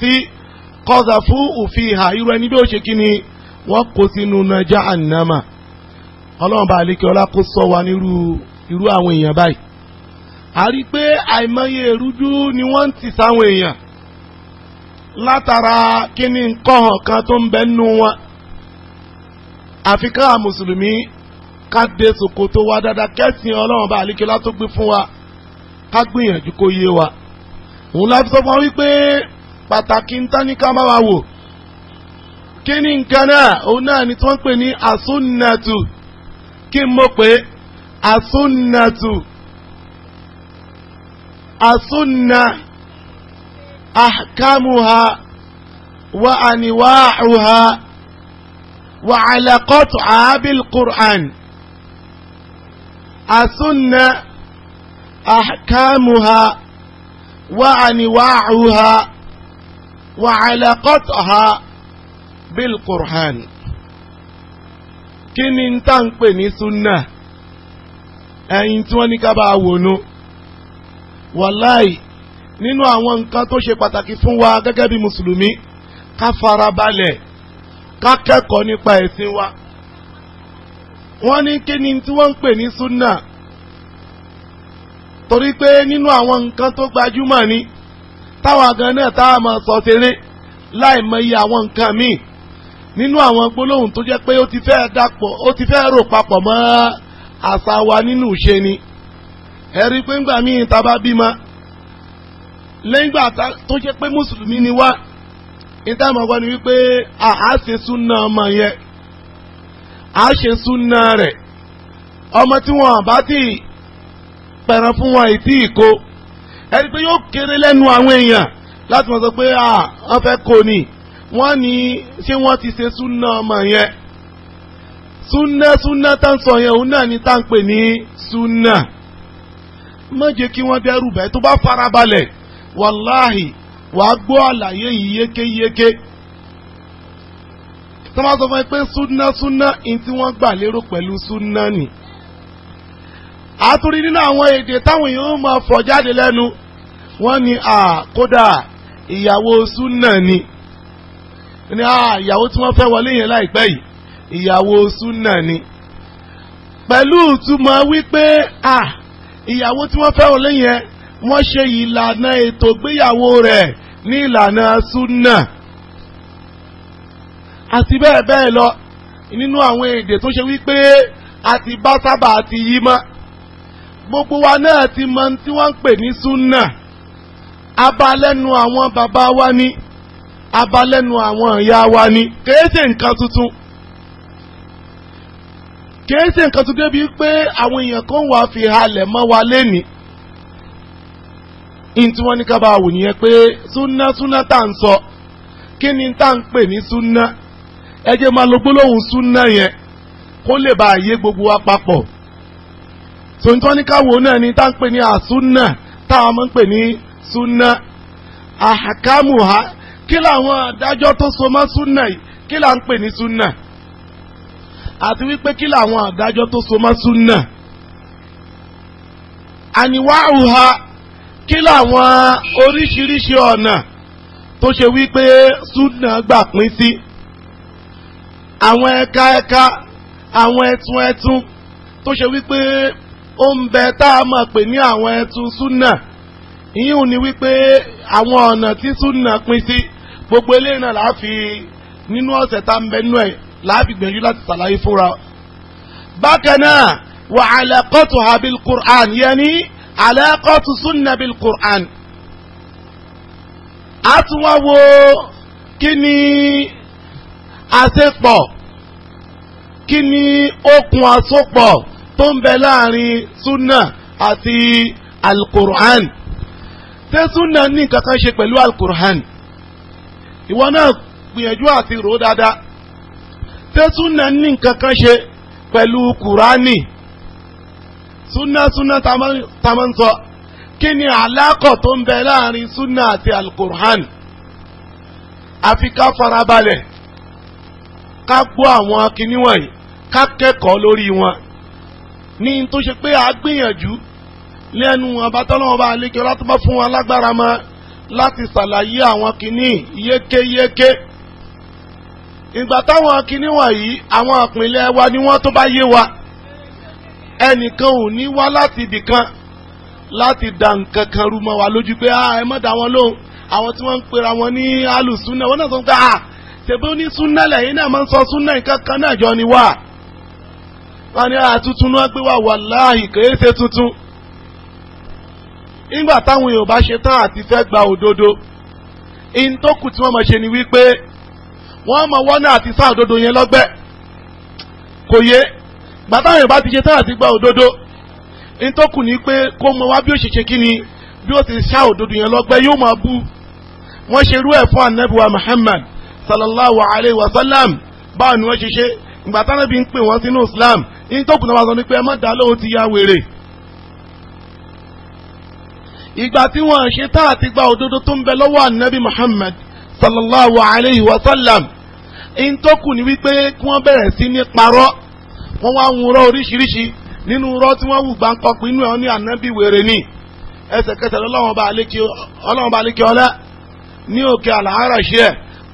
tí kọ́sà fún òfin ìhà irú ẹni bí ó ṣe kí ni wọ́n kó sínú nàjà ànàmà ọlọ́run bá àlékè ọlá kó sọ wa nírú irú àwọn èèyàn báyìí. a rí i pé àìmọye èrújú ni wọ́n ń tì sáwọn èèyàn látara kíní nkọ́hàn kan tó ń bẹ nínú wọn àfi ká mùsùlùmí ká dé wa dáadáa kẹ́sìn ọlọ́run bá àlékè ọlá tó gbé fún wa ká gbìyànjú kó yé wa òun láti sọ fún wa wípé pàtàkì ń tán ní ká má wa wò kí ni nǹkan náà òun náà ni tí wọ́n ń pè ní àsúnnàtù kí n mọ̀ pé àsúnnàtù àsúnnà àkàmùhà wà àníwáàhùhà wà àlàkọ́tù àábìl qur'an àsúnnà àkàmùhà wà àníwáàhùhà. وعلاقتها بالقرآن kí ni tá ń pè ní súnà ẹ̀yin tí wọ́n ní ká bá wònú wàláì nínú àwọn nǹkan tó ṣe pàtàkì fún wa gẹ́gẹ́ bí mùsùlùmí ká farabalẹ̀ ká kẹ́kọ̀ọ́ nípa ẹ̀sìn wa wọ́n ní kí ni tí wọ́n ń pè ní súnà torí pé nínú àwọn nǹkan tó gbajúmọ̀ ni táwa gan náà tá a máa sọ tẹ́lẹ̀ láì mọ iye àwọn nǹkan míì nínú àwọn gbólóhùn tó jẹ́ pé ó ti fẹ́ dàpọ̀ ó ti fẹ́ rò papọ̀ mọ́ àṣà wa nínú ìṣe ni ẹ̀rí pé ńgbà míì tá a bá bímọ lẹ́yìn gbà tó jẹ́ pé mùsùlùmí ni wá ìdáàmú ọgbà ni wípé àá ṣe súnà ọmọ yẹn àá ṣe súnà rẹ̀ ọmọ tí wọn bá ti pẹ̀ràn fún wọn ìtì ìkó ẹni pé yóò kéré lẹ́nu àwọn èèyàn láti wọ́n sọ pé à wọ́n fẹ́ kó ni wọ́n ní ṣé wọ́n ti ṣe súnà ọmọ yẹn súnà súnà tá ń sọ yẹn òun náà ni tá ń pè ní súnà má jẹ́ kí wọ́n dẹ́rù bẹ́ẹ̀ tó bá farabalẹ̀ wàláhì wàá gbọ́ àlàyé yìí yékéyéké tó sọ fún ẹ pé súnà súnà ní tí wọ́n gbà lérò pẹ̀lú súnà nìí àtúrí nínú àwọn èdè táwọn èèyàn máa fọ̀ jáde lẹ́nu wọ́n ní à kódà ìyàwó súnà ni ní à ìyàwó tí wọ́n fẹ́ wọlé yẹn láìpẹ́ yìí ìyàwó súnà ni pẹ̀lú ìtumọ̀ wípé à ìyàwó tí wọ́n fẹ́ wọlé yẹn wọ́n ṣe ìlànà ètò ìgbéyàwó rẹ̀ ní ìlànà súnà àti bẹ́ẹ̀ bẹ́ẹ̀ lọ nínú àwọn èdè tó ṣe wípé a bá sábà ti yí mọ́ gbogbo wa náà ti mọ tí wọ́n ń pè ní súnà abalẹ́nu àwọn bàbá wa ni abalẹ́nu àwọn ìyá wa ni kèé ṣe nǹkan tuntun kèé ṣe nǹkan tuntun débi pé àwọn èèyàn kan wà fi halẹ̀ mọ́ wa lẹ́ni ntí wọ́n ní ká bá wò nìyẹn pé súnà súnà tá à sọ kí ni tá à ń pè ní súnà ẹ jẹ́ máa lo gbólóhùn súnà yẹn kó lè bá yé gbogbo wa papọ̀ so nítorí ní káwo náà ni tá ń pè ní àsúnà táwọn máa ń pè ní súnà àhàkámù ha kí làwọn adájọ́ tó so mọ́ súnà yìí kí là ń pè ní súnà àti wípé kí làwọn adájọ́ tó so mọ́ súnà àníwáhù ha kí làwọn oríṣiríṣi ọ̀nà tó ṣe wípé súnà gbà pín sí àwọn ẹ̀ka ẹ̀ka àwọn ẹ̀tún ẹ̀tún tó ṣe wípé ó ń bẹ tá a mọ̀ pé ní àwọn ẹtu súnà ìyún ni wípé àwọn ọ̀nà tí súnà pín sí gbogbo eléyìí náà láà fi nínú ọ̀sẹ̀ tá a ń bẹ nínú ẹ̀ láà fi láti ṣàlàyé fúnra. bákan náà wà alaqatuha bil Qur'an yani alaqatu súnà bil Qur'an. a tún wá wo kí ni àṣepọ̀ kí ni okùn àsopọ̀ tó ń bẹ láàrin sunna àti alukur'an ṣé sunna ní nǹkan kan ṣe pẹ̀lú alukur'an ìwọ náà gbìyànjú àti rò ó dáadáa ṣé sunna ní nǹkan kan ṣe pẹ̀lú kur'ani sunna sunna tá a máa kí ni àlákọ̀ tó ń bẹ láàrin sunna àti alukur'an àfi ká farabalẹ̀ ká gbọ́ àwọn akíní ká kẹ́kọ̀ọ́ lórí wọn ní tó ṣe pé a gbìyànjú lẹ́nu abatọ́lọ́wọ́ bá alékè láti bá fún wa lágbára mọ́ láti ṣàlàyé àwọn kìíní yékéyéké ìgbà táwọn kìíní wọ̀nyí àwọn àpìnlẹ̀ wa ni wọ́n tó bá yé wa ẹnìkan ò ní wá láti ibìkan láti da nǹkan kan rú mọ́ wa lójú pé ah, ẹ má dá wọn lóhùn àwọn tí wọ́n ń pera wọn ní alùsùnà wọn náà sọ pé ah, ṣèbí onísùnà lẹ́yìn náà máa ń sọ súnà nǹkan náà jọ ni wá. wọ́n ní àtúntún ah, náà gbé wà wàláhì kèé ṣe tuntun nígbà táwọn èèyàn bá ṣe tán àti fẹ́ gba òdodo in tó kù tí wọ́n máa ṣe ni wípé wọ́n máa wọ́nà àti sá òdodo yẹn lọ́gbẹ́ kò yé gbà táwọn èèyàn ti ṣe tán àti gba òdodo in tó kù ni pé kó mọ wá bí ó ṣe ṣe kí ni bí ó ti sá òdodo yẹn lọ́gbẹ́ yóò máa bú wọ́n ṣe irú ẹ̀ fún anabiwa Muhammad sallallahu alayhi wa sallam báwo ni wọ́n ṣe ṣe ìgbà táwọn ẹbí ń pè wọ́n sínú Islam ní tó kùnà wá sọ ni pé ẹ má dá lóhùn ti ya wèrè. ìgbà tí wọ́n ṣe tá àti gba òdodo tó ń bẹ lọ́wọ́ ànábì Muhammad sallallahu alayhi wa sallam ní tó kù ni wípé kí wọ́n bẹ̀rẹ̀ sí ní parọ́ wọ́n wá ń rọ oríṣiríṣi nínú rọ tí wọ́n wù gbàǹkọ́pù inú ẹ̀ ní ànábì wèrè ni ẹsẹ̀kẹsẹ̀ lọ́wọ́n bá alékè ọlá ní òkè àlàárà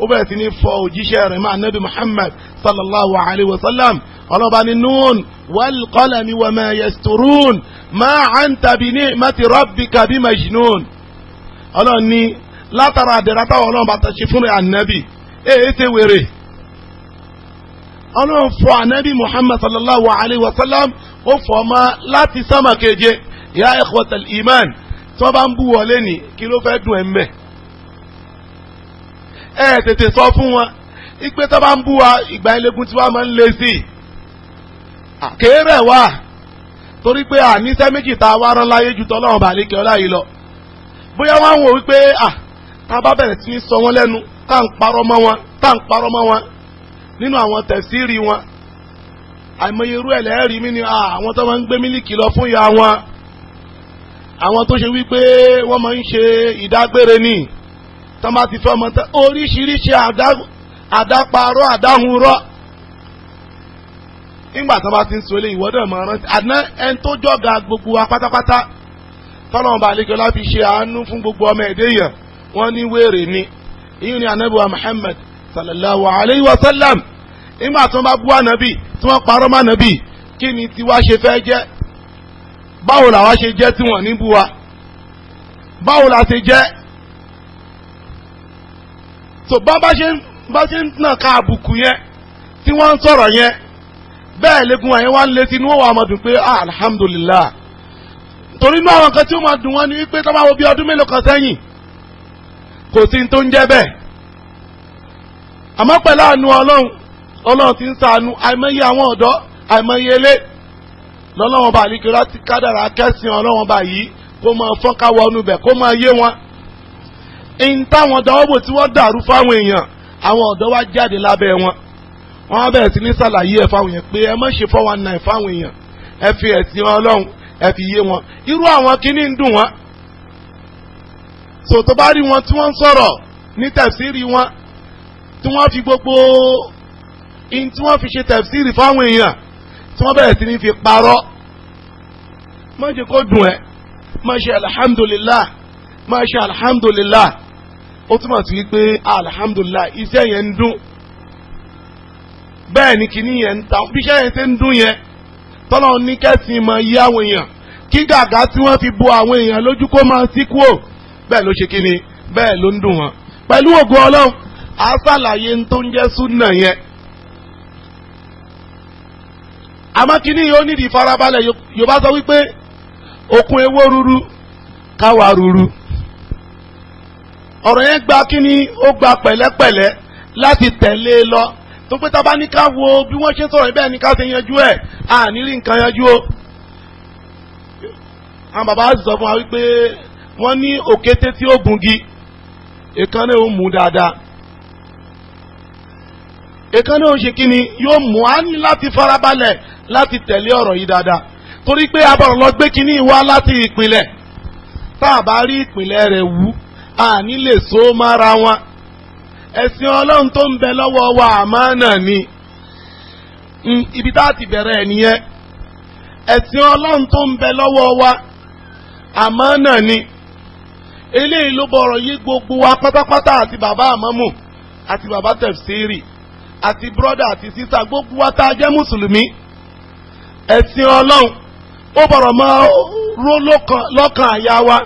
ó bẹ̀rẹ̀ sí ní fọ òjíṣẹ́ rẹ̀ máa nábì Muhammad sallallahu alayhi wa sallam ọlọ́ba ní nun wal qalami wa ma yasturun ma anta bi ni'mati rabbika bi majnun ọlọ́run ní látara àdẹ̀rẹ̀ táwọn ọlọ́run bá tẹ̀sí fún rẹ̀ ànábì èyí ti wèrè ọlọ́run fọ ànábì Muhammad sallallahu alayhi wa sallam ó fọ ọmọ láti sámà keje ya ikhwatal iman tí wọ́n bá ń bú wọlé ní kí ló fẹ́ dùn ẹ̀ mẹ́ẹ̀ ẹ tètè sọ fún wọn ìpè tó bá ń bú wa ìgbà eléegun tí wàá máa ń lé sí i kéré wà torí pé àníṣe méjì tá a wá rán láyé ju tọ́lọ́run bàálíkẹ́ ọlá yìí lọ bóyá wọ́n á wò wípé à tá a bá bẹ̀rẹ̀ sí í sọ wọ́n lẹ́nu tá à parọ́ mọ́ wọn tá à parọ́ mọ́ wọn nínú àwọn tẹ̀síìrì wọn àìmọye irú ẹ̀ lẹ́ẹ̀rí mi ni àwọn tó máa ń gbé mílíkì lọ fún ìyá wọn àwọn tó ṣe wípé wọ́n máa ń ṣe ìdágbére nìyí tán bá ti fọmọ tán oríṣiríṣi àdáparọ́ àdáhùnrọ́ nígbà tán bá ti ń sọlé ìwọ́dọ̀ mọ̀ àná ẹni tó jọ̀gà gbogbo wa pátápátá tọ́lọ́mọ balẹ̀kẹ́ láfi ṣe àánú fún gbogbo ọmọ ẹ̀dẹ́ yẹn wọ́n ní wèrè ni ìyẹn ni anabi wa Muhammad sallallahu alayhi wa sallam nígbà tí wọ́n bá bú anabi tí wọ́n parọ́ mọ́ anabi kí ni tiwa ṣe fẹ́ jẹ́ báwo làwa ṣe jẹ́ tí wọ́n ní bú wa báwo la ṣe jẹ́ so bá bá ṣe bá ṣe ń tàn ká àbùkù yẹn tí wọ́n ń sọ̀rọ̀ yẹn bẹ́ẹ̀ lẹ́gùn àyẹn wá ń létí inú wa máa dùn pé ah, alhamdulillah torí inú àwọn kan tí ó máa dùn wọn ni wípé tó máa wo bí ọdún mélòó kan sẹ́yìn kò sí tó ń jẹ́ bẹ́ẹ̀ àmọ́ pẹ̀lú àánú ọlọ́run ọlọ́run ti ń ṣàánú àìmọye àwọn ọ̀dọ́ àìmọye ilé lọ́lọ́wọ́n bá àlíkè láti kádàrá kẹ́sìn ọlọ́wọ́n bá yìí kó máa fọ́nká wọnú bẹ̀ ń táwọn dáwọ́bò tí wọ́n dàrú fáwọn èèyàn àwọn ọ̀dọ́ wa jáde lábẹ́ wọn wọ́n á bẹ̀rẹ̀ sí ní sàlàyé ẹ̀ fáwọn èèyàn pé ẹ má ṣe fọwọ́n náà fáwọn èèyàn ẹ fi ẹ̀sìn ọlọ́run ẹ fi yé wọn irú àwọn kìíní ń dùn wọn sòtò bá rí wọn tí wọ́n ń sọ̀rọ̀ ní tẹ̀síìrì wọn tí wọ́n fi gbogbo in tí wọ́n fi ṣe tẹ̀síìrì fáwọn èèyàn tí wọ́n bẹ̀rẹ̀ sí ní fi parọ́ má jẹ́ kó dùn ẹ́ má ṣe alhamdulillah má ṣe alhamdulillah ó túmọ̀ sí wípé alhamdulilah iṣẹ́ yẹn ń dún bẹ́ẹ̀ ni kìíní yẹn ń ta bí iṣẹ́ yẹn ṣe ń dún yẹn tọ́lọ́ ní kẹ́sìn mọ iye àwọn èèyàn kí gàgá tí wọ́n fi bo àwọn èèyàn lójú kó máa sí kúò bẹ́ẹ̀ ló ṣe kíni bẹ́ẹ̀ ló ń dùn wọn. pẹ̀lú ògo ọlọ́run a ṣàlàyé ń tó ń jẹ́ súnà yẹn. àmọ́ kíní yìí nídìí farabalẹ̀ yorùbá sọ wípé òkun ewó ruru káwa ruru ọ̀rọ̀ yẹn gba kíni ó gba pẹ̀lẹ́pẹ̀lẹ́ láti tẹ̀lé e lọ tó pé tábà ní ká wo bí wọ́n ṣe sọ̀rọ̀ bẹ́ẹ̀ ní ká ṣe yanjú ẹ̀ àní rí nǹkan yanjú o. àwọn bàbá sọ fún wa wípé wọ́n ní òkété tí ó gungi ni ò mú dáadáa èkánná ò ṣe kíni yóò mú a ní láti farabalẹ̀ láti tẹ̀lé ọ̀rọ̀ yìí dáadáa torí pé abọ̀rọ̀ lọ gbé kíní wá láti ìpìlẹ̀ tá a bá rí ìpìlẹ̀ rẹ̀ wú àní lè so mára wọn ẹ̀sìn ọlọ́run tó ń bẹ lọ́wọ́ wa àmánà ni hmm, ibi tá a ti bẹ̀rẹ̀ nìyẹn ẹ̀sìn ọlọ́run tó ń bẹ lọ́wọ́ wa àmánà ni eléyìí ló bọ̀rọ̀ yí gbogbo wa pátápátá àti bàbá àmọ́mù àti bàbá tẹ̀fsíìrì àti brọ́dà àti sísá gbogbo wa tá a jẹ́ mùsùlùmí ẹ̀sìn ọlọ́run ó bọ̀rọ̀ máa ró lọ́kàn àyà wa.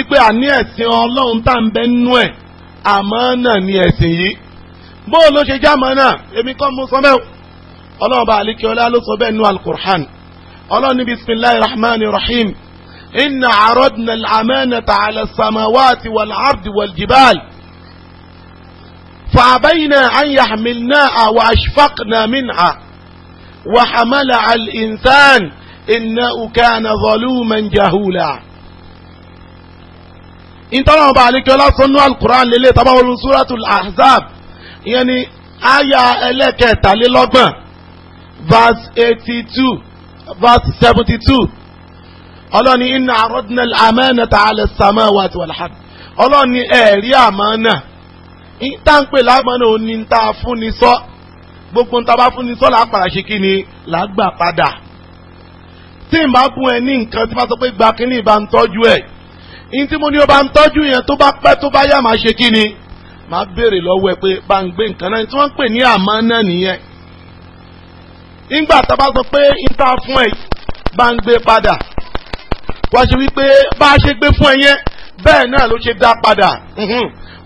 ipe àní ẹ̀sìn olohun tá nbe nnu ẹ̀ àmọ́ náà ni ẹ̀sìn yi bo ló ṣe jámọ́ náà èmi kọ́ mo sọ bẹ́ẹ̀ olohun bá àlékè ọlá ló sọ be nnu alquran olohun ní bismillahir rahmanir rahim inna arodna al-amanata ala samawati wal ardi wal jibal فأبينا أن يحملناها وأشفقنا منها وحملها الإنسان إنه كان ظلوما جهولا ìtọ́nà ọba àlekẹ́ ọlásánú alukur'an lélẹ̀ tábàwọn suratul ahzab ìyẹn ni àyà ẹlẹ́kẹtàlélọ́gbọ̀n verse eighty two verse seventy two ọlọ́ni iná àròdìnnà àmẹ́nà tá a lè sàmà wà tí wà láhàd ọlọ́ni ẹ̀rí àmánà ìtànpẹ̀ lámánà òní ń ta fúnni sọ gbogbo ń ta bá fúnni sọ làápàdà ṣe kí ni làágbà padà tí n bá gún ẹ ní nǹkan tí bá sọ pé gba ìbá ń tọ́jú ẹ̀ ní tí mo ní o bá ń tọ́jú yẹn tó bá pẹ́ tó bá yá máa ṣe kí ni máa béèrè lọ́wọ́ ẹ pé bá ń gbé nǹkan náà tí wọ́n ń pè ní àmọ́ náà nìyẹn. nígbà tá a bá sọ pé ń fún ẹ bá ń gbé padà wọ́n ṣe wípé bá a ṣe gbé fún ẹ yẹn bẹ́ẹ̀ náà ló ṣe dá padà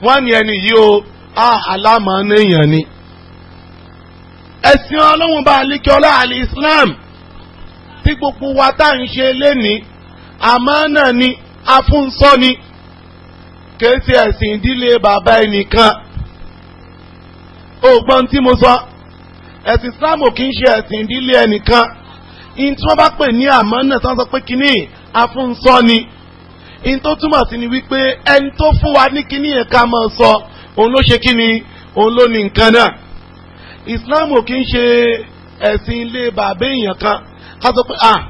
wọ́n ní ẹni yìí o alámọ̀ níyàn ni. ẹ̀sìn ọlọ́run bá alikẹ́ ọlá àlè Islam tí gbogbo wa tá à ń ṣe lénìí àmọ́ náà ni afúnsọ ni kèsì ẹ̀sìn ìdílé bàbá ẹnìkan ògbọ́n tí mo sọ ẹ̀sìn Islam kì í ṣe ẹ̀sìn ìdílé ẹnìkan in tí wọ́n bá pè ní àmọ́ náà tí sọ pé kínní afúnsọ ni in tó túmọ̀ sí ni wípé ẹni tó fún wa ní kínní yẹn ká máa sọ òun ló ṣe kínní òun ló ní nǹkan náà Islam kì í ṣe ẹ̀sìn ilé bàbá èèyàn kan ká sọ pé ah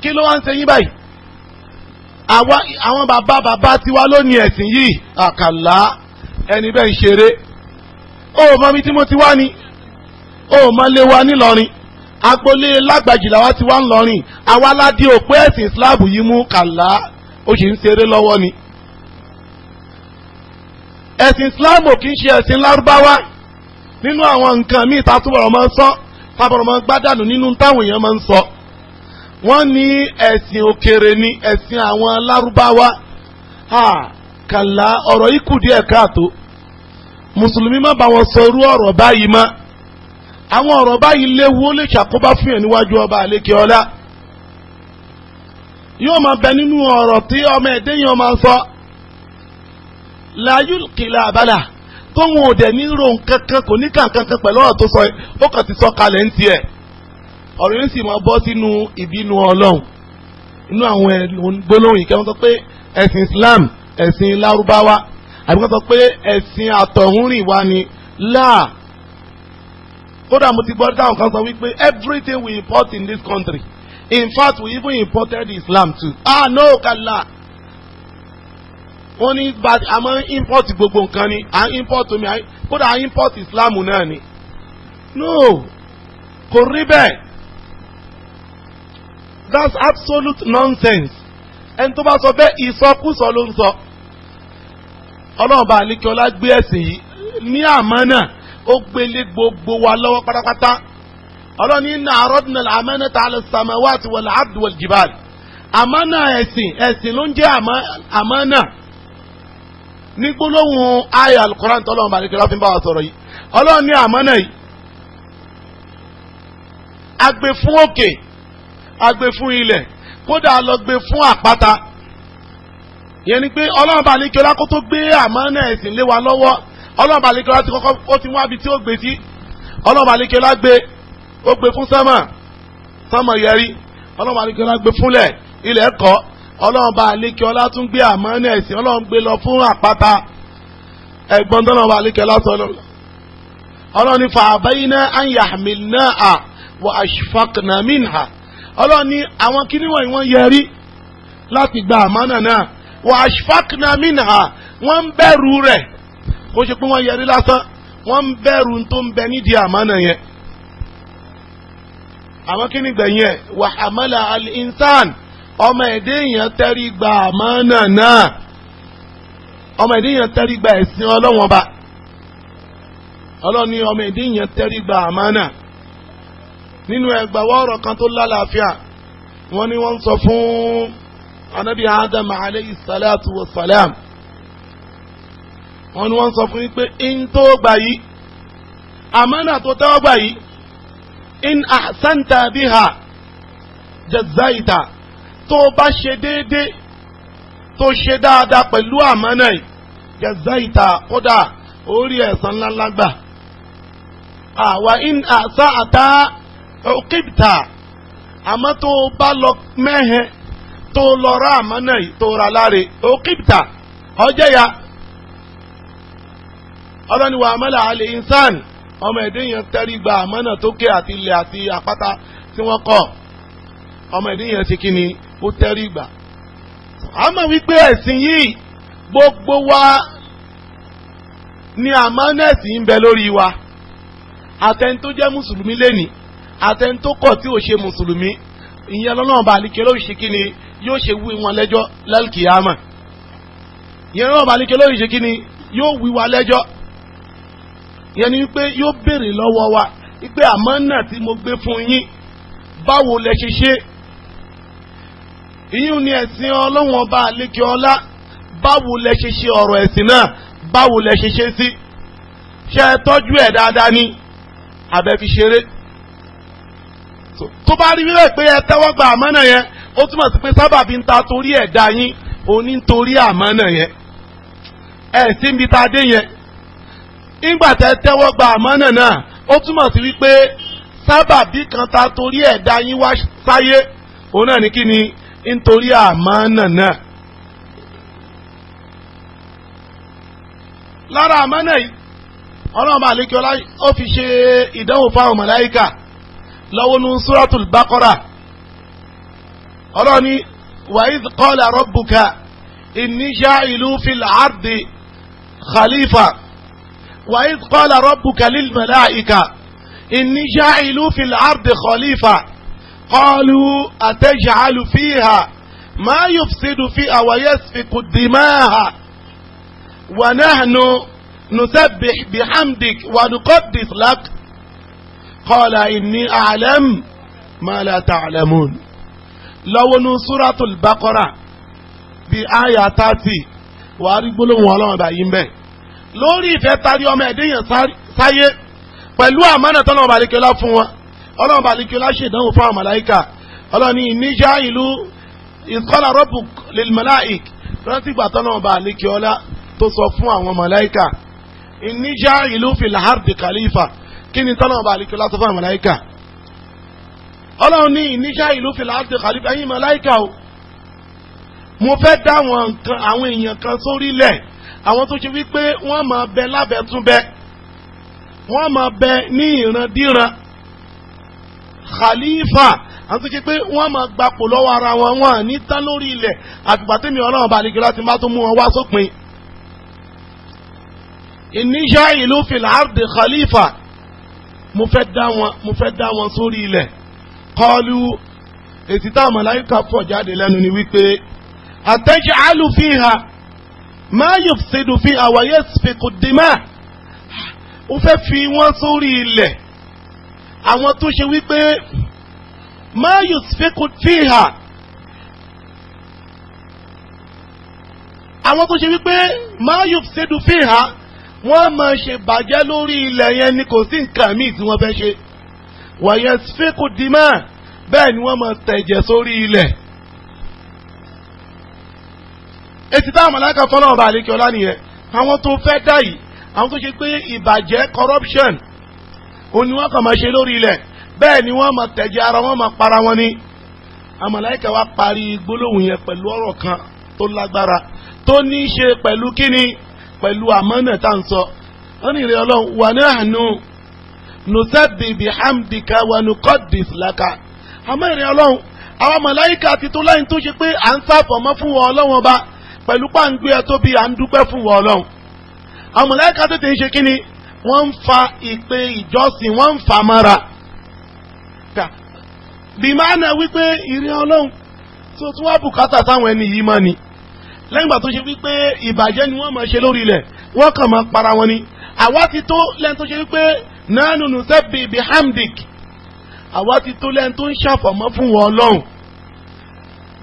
kí ló wá ń ṣe yín báyìí àwọn bàbá bàbá tiwa ló ní ẹ̀sìn yìí àkàlà ẹni bẹ́ẹ̀ ń ṣeré ó mọ mi tí mo ti wá ni ó mọ lé wa nílọrin agboolé lágbàjì làwa ti wá ńlọrin àwa ládé òpó ẹ̀sìn Islam yìí mú kàlà ó sì ń ṣeré lọ́wọ́ ni ẹ̀sìn Islam kì í ṣe ẹ̀sìn lárúbáwá nínú àwọn nǹkan míì tá a túbọ̀rọ̀ máa ń sọ tábọ̀rọ̀ máa ń gbádànù nínú táwọn èèyàn máa ń sọ wọ́n ní ẹ̀sìn òkèrè ni ẹ̀sìn àwọn lárúbáwá kàlá ọ̀rọ̀ yìí kù díẹ̀ káàtó mùsùlùmí má bá wọn sọ irú ọ̀rọ̀ báyìí mọ́ àwọn ọ̀rọ̀ báyìí léwu ó lè ṣàkóbá fún yẹn níwájú ọba àlékè ọlá yóò máa bẹ nínú ọ̀rọ̀ tí ọmọ ẹ̀dẹ́ yẹn máa sọ láyú kìlà àbálà tóun ò dẹ̀ ní ro nǹkan kan kò ní kàǹkan kan pẹ̀lú ọ̀rọ̀ tó sọ ó kàn ti sọ kalẹ̀ ń tiẹ̀ ọ̀rọ̀ yóò sì máa bọ́ sínú ìbínú ọlọ́run inú àwọn gbólóhùn yìí kí wọ́n sọ pé ẹ̀sìn Islam ẹ̀sìn lárúbáwá àbí wọ́n sọ pé ẹ̀sìn àtọ̀húnrìn wa ni láà kódà mo ti gbọ́ dáhùn kan sọ wípé everything we import in this country in fact we even imported Islam too ah no kala wọ́n ní a máa import gbogbo nǹkan ni à ń import omi kódà à ń import Islam náà ni no kò rí bẹ́ẹ̀ that's absolute nonsense ẹni tó bá sọ bẹ́ẹ̀ ìsọkúsọ ló ń sọ ọlọ́run bá àlékè ọlá gbé ẹ̀sìn yìí ní àmánà ó gbélé gbogbo wa lọ́wọ́ pátápátá ọlọ́run ní inna aradna al-amanata ala as-samawati wal-ardi wal-jibal àmánà ẹ̀sìn ẹ̀sìn ló ń jẹ́ àmánà ní gbólóhùn ayé alukoran tó ọlọ́run bá àlékè ọlá fi ń bá wa sọ̀rọ̀ yìí ọlọ́run ní àmánà yìí a òkè a gbé fún ilẹ̀ kódà a lọ gbé fún àpáta yẹn ni pé ọlọ́run bá ní kíọ́lá kó tó gbé àmánà ẹ̀sìn lé wa lọ́wọ́ ọlọ́run bá ní kíọ́lá ti kọ́kọ́ ó ti mú àbí tí ó gbé sí ọlọ́run bá ní kíọ́lá gbé ó gbé fún sánmà sánmà yẹrí ọlọ́run bá ní kíọ́lá gbé fúnlẹ̀ ilẹ̀ kọ́ ọlọ́run bá ní kíọ́lá tún gbé àmánà ẹ̀sìn ọlọ́run gbé lọ fún àpáta ẹ̀gbọ́n tọ́nà bá ní kíọ́lá sọ ọlọ́run ní àwọn kíní wọ̀nyí wọ́n yẹrí láti gba àmánà náà wà ashfaqna minha wọ́n ń bẹ̀rù rẹ̀ kó ṣe pé wọ́n yẹrí lásán wọ́n ń bẹ̀rù tó ń bẹ nídìí àmánà yẹn àwọn kíní gbẹ̀yìn ẹ̀ wà hamala al ọmọ ẹ̀dẹ́ èèyàn tẹ́rí gba àmánà náà ọmọ ẹ̀dẹ́ èèyàn tẹ́rí gba ẹ̀sìn ọlọ́wọ́n ba ọlọ́ni ọmọ ẹ̀dẹ́ èèyàn tẹ́rí gba àmánà nínú ẹgbàwọ́ ọ̀rọ̀ kan tó lálàáfíà wọ́n ní wọ́n sọ fún anabi adam aleyhi salatu wa salam wọ́n ní wọ́n sọ fún yín pé in tó gbà yìí àmánà tó tẹ́wọ́ gbà yìí in ahsanta biha jazaita tó bá ṣe déédéé tó ṣe dáadáa pẹ̀lú àmánà yìí jazaita kódà orí ẹ̀san ńláńlá gbà àwa in àṣà àtà ọ̀kìbìtà àmọ́ tó o bá lọ mẹ́hẹ́ tó o lọ ra àmọ́ náà tó o ra láre ọ̀kìbìtà ọjẹ́ ya ọlọ́ni wa amala alẹ́ insan ọmọ ẹ̀dẹ́ yẹn tẹ́rí gba àmọ́ náà tó ké àti ilẹ̀ àti àpáta tí wọ́n kọ́ ọmọ ẹ̀dẹ́ yẹn ti kí ni ó tẹ́rí gbà àmọ́ wípé ẹ̀sìn yìí gbogbo wa ni àmọ́ nẹ́ẹ̀sì ń bẹ lórí wa àtẹni jẹ́ mùsùlùmí lénìí àtẹni tó kọ̀ tí ò ṣe mùsùlùmí ìyẹn lọ́nà ọba àlìkẹ́ ló ń ṣe kí ni yóò ṣe wí wọn lẹ́jọ́ lálùkìyàmà ìyẹn lọ́nà ọba àlìkẹ́ ló ń ṣe kí ni yóò wí wa lẹ́jọ́ ìyẹn ni wípé yóò béèrè lọ́wọ́ wa wípé àmọ́ náà tí mo gbé fún yín báwo lẹ ṣe ṣe ìyún ni ẹ̀sìn ọlọ́wọ́n ọba àlìkẹ́ ọlá báwo lẹ ṣe ṣe ọ̀rọ̀ ẹ̀sìn náà báwo lẹ ṣe ṣe sí ṣe tọ́jú ẹ̀ dáadáa ni àbẹ́fi ṣeré tó bá rí wíwẹ̀ pé ẹ tẹ́wọ́ gba àmánà yẹn ó túmọ̀ sí pé sábàbí ń ta torí ẹ̀ dá yín òní ń torí àmánà yẹn ẹ̀ sí ibi tá a dé yẹn ìgbà tẹ́ tẹ́wọ́ gba àmánà náà ó túmọ̀ sí wípé sábàbí kan ta torí ẹ̀ dá yín wá sáyé òun náà ní kí ni nítorí àmánà náà. lára àmánà yìí ọlọ́run bá lékè ọlá ó fi ṣe ìdánwò fáwọn màláíkà. لون سورة البقرة أراني وإذ قال ربك إني جاعل في العرض خليفة وإذ قال ربك للملائكة إني جاعل في العرض خليفة قالوا أتجعل فيها ما يفسد فيها ويسفك الدماء ونحن نسبح بحمدك ونقدس لك قال إني أعلم ما لا تعلمون لو سورة البقرة بآية تاتي wàárí gbólóhùn ọlọ́run báyìí ń bẹ̀. lórí ìfẹ́ tari ọmọ ẹ̀dẹ́yàn sáyé pẹ̀lú àmánà tọ́lọ́run balikẹ́lá fún wọn ọlọ́run balikẹ́lá ṣèdánwò fún àwọn màláìkà ọlọ́run ìníjà ìlú ìkọlà rọ́bù lèmọ́láìk rántí gbà tọ́lọ́run balikẹ́lá tó sọ fún àwọn màláìkà ìníjà ìlú fìlà khalifa kí ni tọ́lọ́mù bá àlekí ọlá tó fún àmàláìkà ọlọ́run ní ìníṣà ìlú fìlà àti khalifa ẹ̀yìn màláìkà o mo fẹ́ dá àwọn nǹkan àwọn èèyàn kan sórí lẹ̀ àwọn tó ṣe wípé wọ́n máa bẹ lábẹ́ tún bẹ wọ́n máa bẹ ní ìrandíran khalifa àwọn tó ṣe pé wọ́n máa gbapò lọ́wọ́ ara wọn wọn ní tán lórí ilẹ̀ àtìgbà tẹ́mi ọlọ́run bá àlekí ọlá má tó mú wọn wá sópin ìníṣà ìlú fìlà àti khalifa mo fẹ́ dá wọn mo fẹ́ dá wọn sórí ilẹ̀ kọlu èsì tá màláíkà fọ̀ jáde lẹ́nu ni wípé ataj'alu fiha ma yufsidu fiha wa yasfiku dima ó fẹ́ fi wọ́n sórí ilẹ̀ àwọn tó ṣe wípé ma yusfiku fiha àwọn tó ṣe wípé ma yufsidu fiha wọ́n máa ṣe bàjẹ́ lórí ilẹ̀ yẹn ni kò sí nǹkan míì tí wọ́n fẹ́ ṣe wàyẹn fíkù dìímà bẹ́ẹ̀ ni wọ́n máa tẹ̀jẹ̀ sórí ilẹ̀ etí táwọn mọ̀láka fọlọ́ ọba àlekí nìyẹn àwọn tó fẹ́ dá yìí àwọn tó ṣe pé ìbàjẹ́ corruption òní wọ́n kàn máa ṣe lórí ilẹ̀ bẹ́ẹ̀ ni wọ́n máa tẹ̀jẹ̀ ara wọn máa para wọn ni àmọ̀láìkà wa parí gbólóhùn yẹn pẹ̀lú ọ̀rọ̀ kan tó lágbára tó ní í ṣe pẹ̀lú kíni pẹ̀lú àmọ́nà tá à ń sọ wọ́n ní ìrẹ́ ọlọ́run wà ní àánú nùsẹ́bì bihamdika wà ní kọ́dìs làkà àmọ́ ìrẹ́ ọlọ́run àwọn màláíkà ti tó lẹ́yìn tó ṣe pé à ń sáfọ̀mọ́ fún wọn ọlọ́run ọba pẹ̀lú pàǹgbé ẹ tóbi à ń dúpẹ́ fún wọn ọlọ́run àwọn màláíkà tètè ṣe kí ni wọ́n ń fa ìpè ìjọsìn wọ́n ń fa mọ́ra bí máa na wípé ìrẹ́ ọlọ́run tó tún wá bùkátà táwọn ẹni yìí mọ́ ni lẹ́yìn ìgbà tó ṣe wípé ìbàjẹ́ ni wọ́n máa ṣe lórí ilẹ̀ wọ́n kàn máa para wọn ni àwa ti tó lẹ́yìn tó ṣe wípé nánú nù sẹ́bi bi hamdik àwa ti tó lẹ́yìn tó ń ṣàfọ̀mọ́ fún wọn ọlọ́run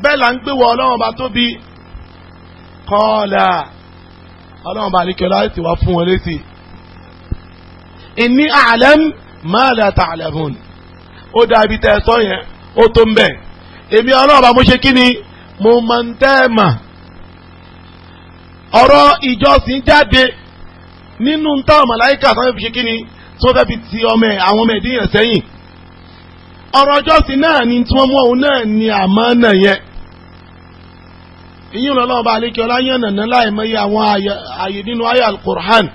bẹ́ẹ̀ là ń gbé wọn ọlọ́run ọba tóbi kọ́ọ̀là ọlọ́run ọba àlekẹ́lá ti wá fún wọn létí. inni a'lam ma la ta'lamun ó dàbí tẹ́ yẹn ó tó ń bẹ̀ èmi ọlọ́run ọba mo ṣe kí ni mo máa ń tẹ́ ẹ mà ọ̀rọ̀ ìjọsìn jáde nínú táwọn màláìkà tó fẹ́ fi ṣe kí ni tó fẹ́ fi ti ọmọ ẹ̀ àwọn ọmọ ẹ̀dínyàn sẹ́yìn ọ̀rọ̀ ìjọsìn náà ni tí wọ́n mú òun náà ni àmọ́ náà yẹn ìyìn lọ́lọ́ọ̀bá àlékẹ́ ọláyẹ̀nà náà láìmọye àwọn àyè nínú àyà alukur'an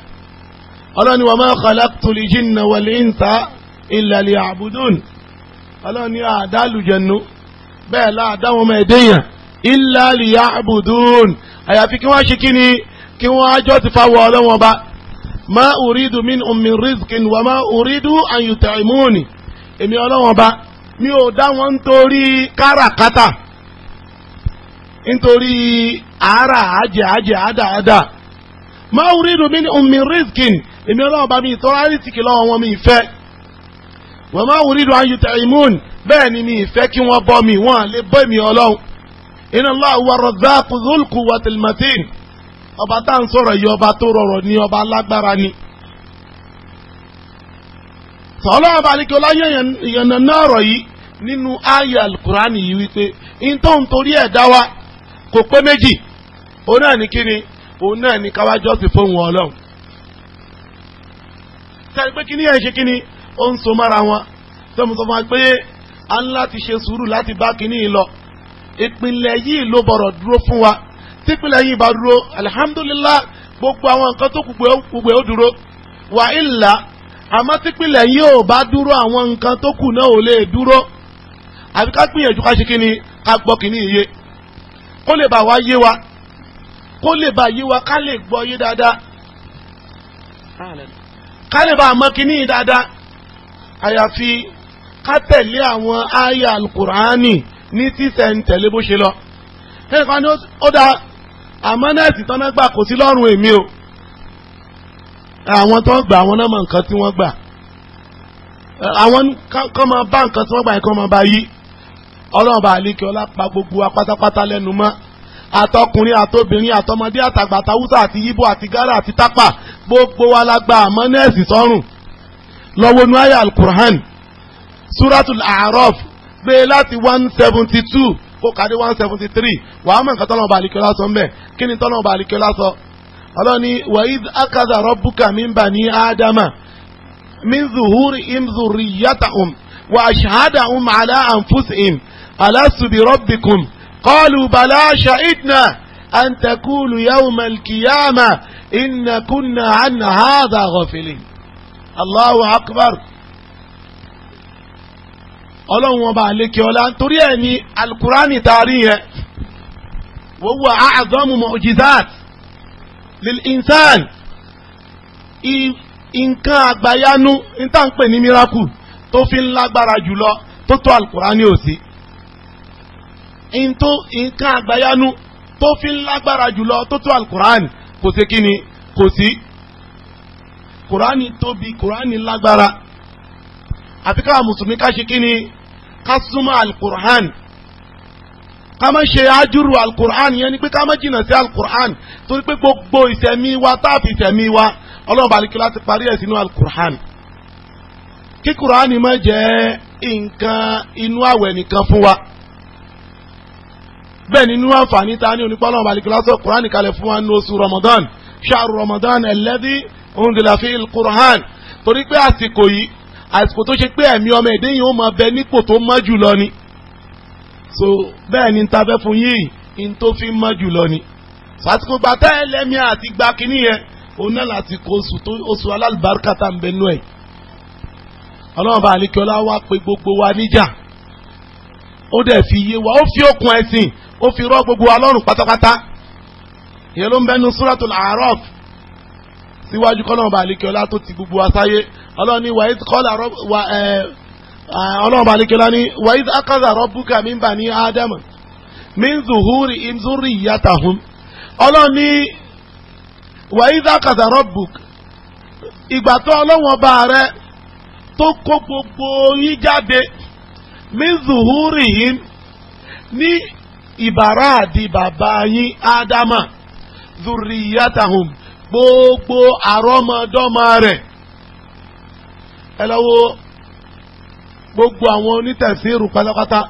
ọlọ́ni wa ma khalaqtu l-jinna wal-insa illa liya'budun ọlọ́ni àdálùjẹ̀nu bẹ́ẹ̀ láàdáwọn ọmọ ẹ̀dẹ́yàn illa àyàfi kí wọ́n ṣe kí ni kí wọ́n ájọ́ ti fa wọ ọlọ́wọ́n ba ma uridu min min rizqin wa ma uridu an yut'imuni èmi ọlọ́wọ́n ba mi ò dá wọn nítorí káràkátà nítorí àárà àjẹ àjẹ àdáadá ma uridu min min rizqin èmi ọlọ́wọ́n ba mi ìtọ́ra rìsìkì lọ́wọ́ wọn mi ìfẹ́ wa ma uridu an yut'imuni bẹ́ẹ̀ ni mi ìfẹ́ kí wọ́n bọ́ mi wọ́n lè bọ́ mi ọlọ́run inna Allahu wa razzaqu dhul quwwatil matin ọba tá à ń sọ̀rọ̀ yìí ọba tó rọrọ̀ ni ọba alágbára ni. sọ̀lá abalikola yànnà náà rọ̀ yìí nínú àyá alukurani yìí wípé ntọ́ nítorí ẹ̀ dá wa kò pé méjì òun náà ní kíni òun náà ní káwájọ́ sí fóun ọlọ́run. sẹ́ni pé kíní yẹn ṣe kíni ó ń so mára wọn sọ́mu sọ fún ń láti ṣe sùúrù láti bá kíní lọ ìpìlẹ̀ yìí ló bọ̀rọ̀ dúró fún wa tí ìpìlẹ̀ yìí bá dúró alihamudulilá gbogbo àwọn nǹkan tó kùgbẹ́ ó dúró wà ìlà àmọ́ tí ìpìlẹ̀ yìí ò bá dúró àwọn nǹkan tó kù náà ò lè dúró àfi ká gbìyànjú ká ṣe kí ni ká gbọ́ kí ni iye kó lè bá wa yé wa kó lè bá yé wa ká lè gbọ́ yé dáadáa ká lè bá àmọ́ kí ni dáadáa àyàfi ká tẹ̀lé àwọn àyà alukùránì ní títẹ̀ ń tẹ̀lé bó ṣe lọ. ẹnìkan ni ó da àmọ́nẹ́ẹ̀tì tán náà gbà kò sí lọ́rùn èmi o àwọn tó ń gbà àwọn náà mọ nǹkan tí wọ́n gbà àwọn kan máa bá nǹkan tí wọ́n gbà yẹn kan máa bá yí ọlọ́run bá àlékè ọlá pa gbogbo wa pátápátá lẹ́nu mọ́ àtọkùnrin àtobìnrin àtọmọdé àtàgbà àtàwùsà àti yíbò àti gárà àti tápà gbogbo wa la gba àmọ́nẹ́ẹ̀sì sọ́rùn lọ́wọ́ nu àyà gbé láti one seventy two kó kàdé one seventy three wàá mọ̀ nǹkan tọ́lọ́mọba àlìkẹ́lá sọ mbẹ́ kí ni tọ́lọ́mọba àlìkẹ́lá sọ ọlọ́ni wàhíd akadà rọ́bùkà mímbà ní ádámà min zuhuri im zuriyatahum wa ashhadahum ala anfusihim alastu bi rabbikum qalu bala shahidna an takulu yawma alkiyama inna kunna an hadha ghafilin allahu akbar ọlọ́run ọba àlékè ọlá torí ẹ̀ ní alukurani taari yẹn wọ́n wọ àádọ́mù mọ̀jìdáàt lil insan nǹkan àgbáyanu níta ń pè ní miraku tó fi ń lágbára jùlọ tó tó alukurani ò sí nǹkan àgbáyanu tó fi ń lágbára jùlọ tó tó alukurani kò sí kí ni kò sí kurani tóbi kurani lágbára àfi káwa ká ṣe kí ni ká súnmọ́ alukur'an ká má ṣe ajúrù alukur'an yẹn ni pé ká má jìnnà sí alukur'an torí pé gbogbo ìṣẹ̀mí wa táàfì ìṣẹ̀mí wa ọlọ́run balùwẹ̀ láti parí ẹ̀ sínú alukur'an kí kur'an má jẹ́ nǹkan inú àwẹ̀ nìkan fún wa bẹ́ẹ̀ ni inú àǹfààní ta ni onípa ọlọ́run balùwẹ̀ láti sọ kur'an kalẹ̀ fún wa ní oṣù ramadan ṣáà ramadan alladhi unzila alukur'an torí pé àsìkò yìí àsìkò tó ṣe pé ẹ̀mí ọmọ èdè yìí ó máa bẹ nípò tó mọ́ jù lọ ni so bẹ́ẹ̀ ni ta fẹ́ fún yìí in tó fi mọ́ jù lọ ni sàtìkò gba tẹ́ ẹlẹ́mí àti gba kínní yẹn òun náà láti kó oṣù tó oṣù alálùbáríkà tá ń bẹ nú ẹ̀ ọlọ́run bá àníkíọ́lá wá pé gbogbo wa níjà ó dẹ̀ fi yé wa ó fi okùn ẹ̀sìn ó fi rọ́ gbogbo wa lọ́rùn pátápátá ìyẹn ló ń bẹnu Suratul A'raf síwájú kọ́nà ọba àlekè ọlá tó ti gbogbo asáyé ọlọ́run ní wàhíd kọ́lá eh, ah, ọlọ́run ọba àlekè ọlá ní wàhíd akọ́lá rọ́bùkà min bani ádámù min zuhuri imzuri yàtàhùn ọlọ́run ní wàhíd akọ́lá rọ́bùkà ìgbà tó ọlọ́run ọba rẹ tó kó gbogbo yín jáde min zuhuri yín ní ìbàrá àdìbàbá yín ádámà zuriyatahum gbogbo àrọ́mọdọ́mọ rẹ̀ ẹ lọ wo gbogbo àwọn onítẹ̀síìrù pátápátá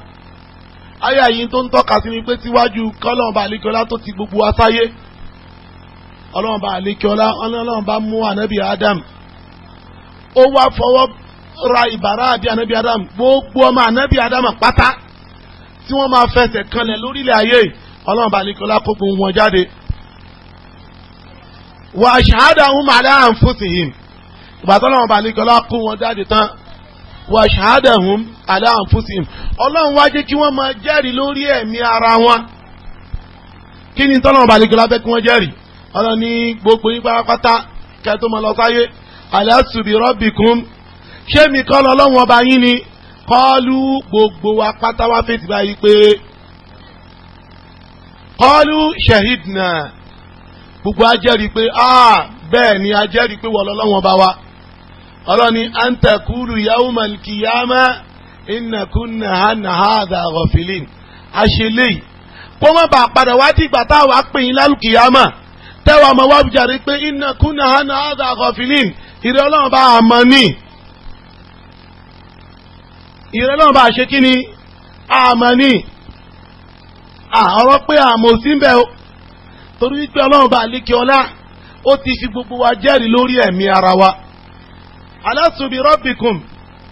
ayé àyín tó ń tọ́ka sí ni pé síwájú kọ́lọ́ọ̀bà àlékiọlá tó ti gbogbo wa sáyé ọlọ́ọ̀bà àlékiọlá ọlọ́ọ̀bà mú ànábì Adam ó wá fọwọ́ ra ìbára àbí ànábì Adam gbogbo ọmọ ànábì Adam pátá tí wọ́n máa fẹsẹ̀ kanlẹ̀ lórílẹ̀ ayé ọlọ́ọ̀bà àlékiọlá kó gbogbo wọn jáde wà ashhadahum ala anfusihim ìgbà tó lọ́wọ́ balẹ̀ kọ́lá kó wọn jáde tán wà ashhadahum ala anfusihim ọlọ́run wá jẹ́ kí wọ́n máa jẹ́rìí lórí ẹ̀mí ara wọn kí ni tọ́lọ́wọ́ balẹ̀ kọ́lá bẹ́ kí jẹ́rìí ọlọ́run ní gbogbo yín pátápátá kẹ́ tó mọ lọ sáyé alastu bi rabbikum ṣé mi kọ́ lọ lọ́wọ́ gbogbo ajẹ́rìí pé ah bẹ́ẹ̀ ni ajẹ́rìí pé wọ́n lọ́wọ́n bá wa ọlọ́ni antakulu yawmal kiyama innakunna hana hada ghafilin àṣẹlẹ̀ kó má bàa padà wá dìgbà táwa pè yín lálùkìyàmà tẹ́wàá ọmọ wa bìjàre pé innakunna hana hada ghafilin ìrẹ́ ọlọ́run bá a mọ̀ ní ìrẹ́ ọlọ́run bá a ṣe kí ni a mọ̀ ní ọ̀rọ̀ pé àmọ̀ sí bẹ́ẹ̀ o torí wípé ọlọ́run bá lékè ọlá ó ti fi gbogbo wa jẹ́rìí lórí ẹ̀mí ara wa alastu bi rabbikum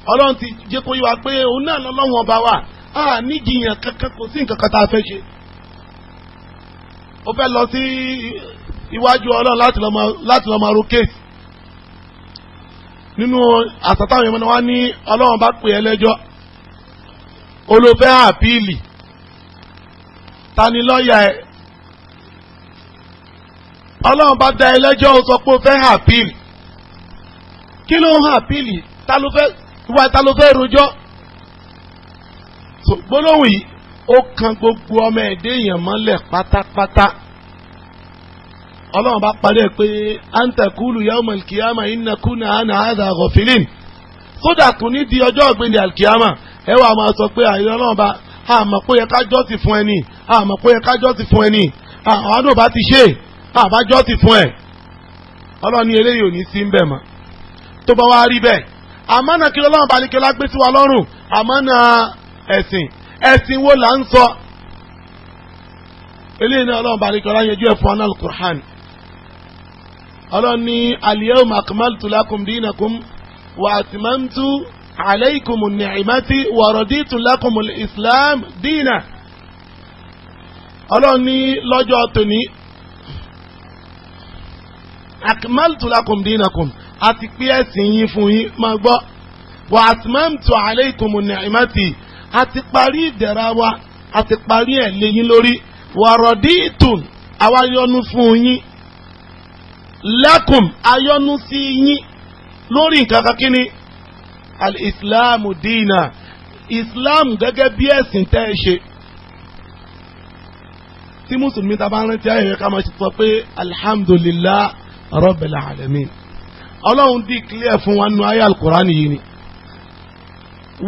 ọlọ́run ti jẹ́ kó yí wa pé òun náà lọ́lọ́run ọba wa a níjìyàn kankan kò sí nǹkan kan tá a fẹ́ ṣe ó fẹ́ lọ sí iwájú ọlọ́run láti lọ́ọ́ máa ro kéèsì nínú àtàtàwọn ìmọ̀nà wa ní ọlọ́run bá pè é lẹ́jọ́ olùfẹ́ àpíìlì ta ẹ̀ ọlọ́run bá da ẹlẹ́jọ́ ó sọ pé ó fẹ́ hàn píìlì kí ló ń hàn píìlì ta ló fẹ́ ìwà ta ló fẹ́ rojọ́ gbólóhùn yìí ó kan gbogbo ọmọ ẹ̀dẹ́ èèyàn mọ́lẹ̀ pátápátá ọlọ́run bá parí ẹ̀ pé antakulu yawma alkiyama innakuna ana hadha ghafilin sódà kù ní di ọjọ́ ọ̀gbìnrin alkiyama ẹ wàá máa sọ pé àyè ọlọ́run bá àmọ́ pé yẹ ká jọ́sìn fún ẹni àmọ́ pé yẹ ká jọ́sìn fún ẹni àwọn àdó ti ṣe é àbájọ́ ti fún ẹ̀ ọlọ́ni eléyìí ò ní sí ń bẹ̀ mọ́ tó bá wá rí bẹ́ẹ̀ àmánà kí lọ́lọ́run bá ní kí lágbé sí wa lọ́rùn àmánà ẹ̀sìn ẹ̀sìn wo là ń sọ eléyìí ní ọlọ́run bá ní kí ọlọ́run yẹjú ẹ̀ fún anal Qur'an ọlọ́ni al-yawma akmaltu lakum dinakum wa atmamtu alaykum ni'imati wa raditu islam dina ọlọ́ni lọ́jọ́ tòní akmaltu lakum dinakum àti pé ẹ̀sìn yín fún yín máa gbọ́ wa atmamtu alaykum ni'mati àti parí ìdẹ̀ra wa àti parí ẹ̀ léyìn lórí wa raditu àwa yọ́nú fún yín lakum ayọ́nú sí yín lórí nǹkan kan kí ni al-islamu islam gẹ́gẹ́ bí ẹ̀sìn tẹ́ ẹ ṣe tí mùsùlùmí ta bá rántí ayẹyẹ ká máa sọ pé alhamdulillah rabbil alamin ọlọ́run dì clear fún wa nu ayé alukur'an yìí ni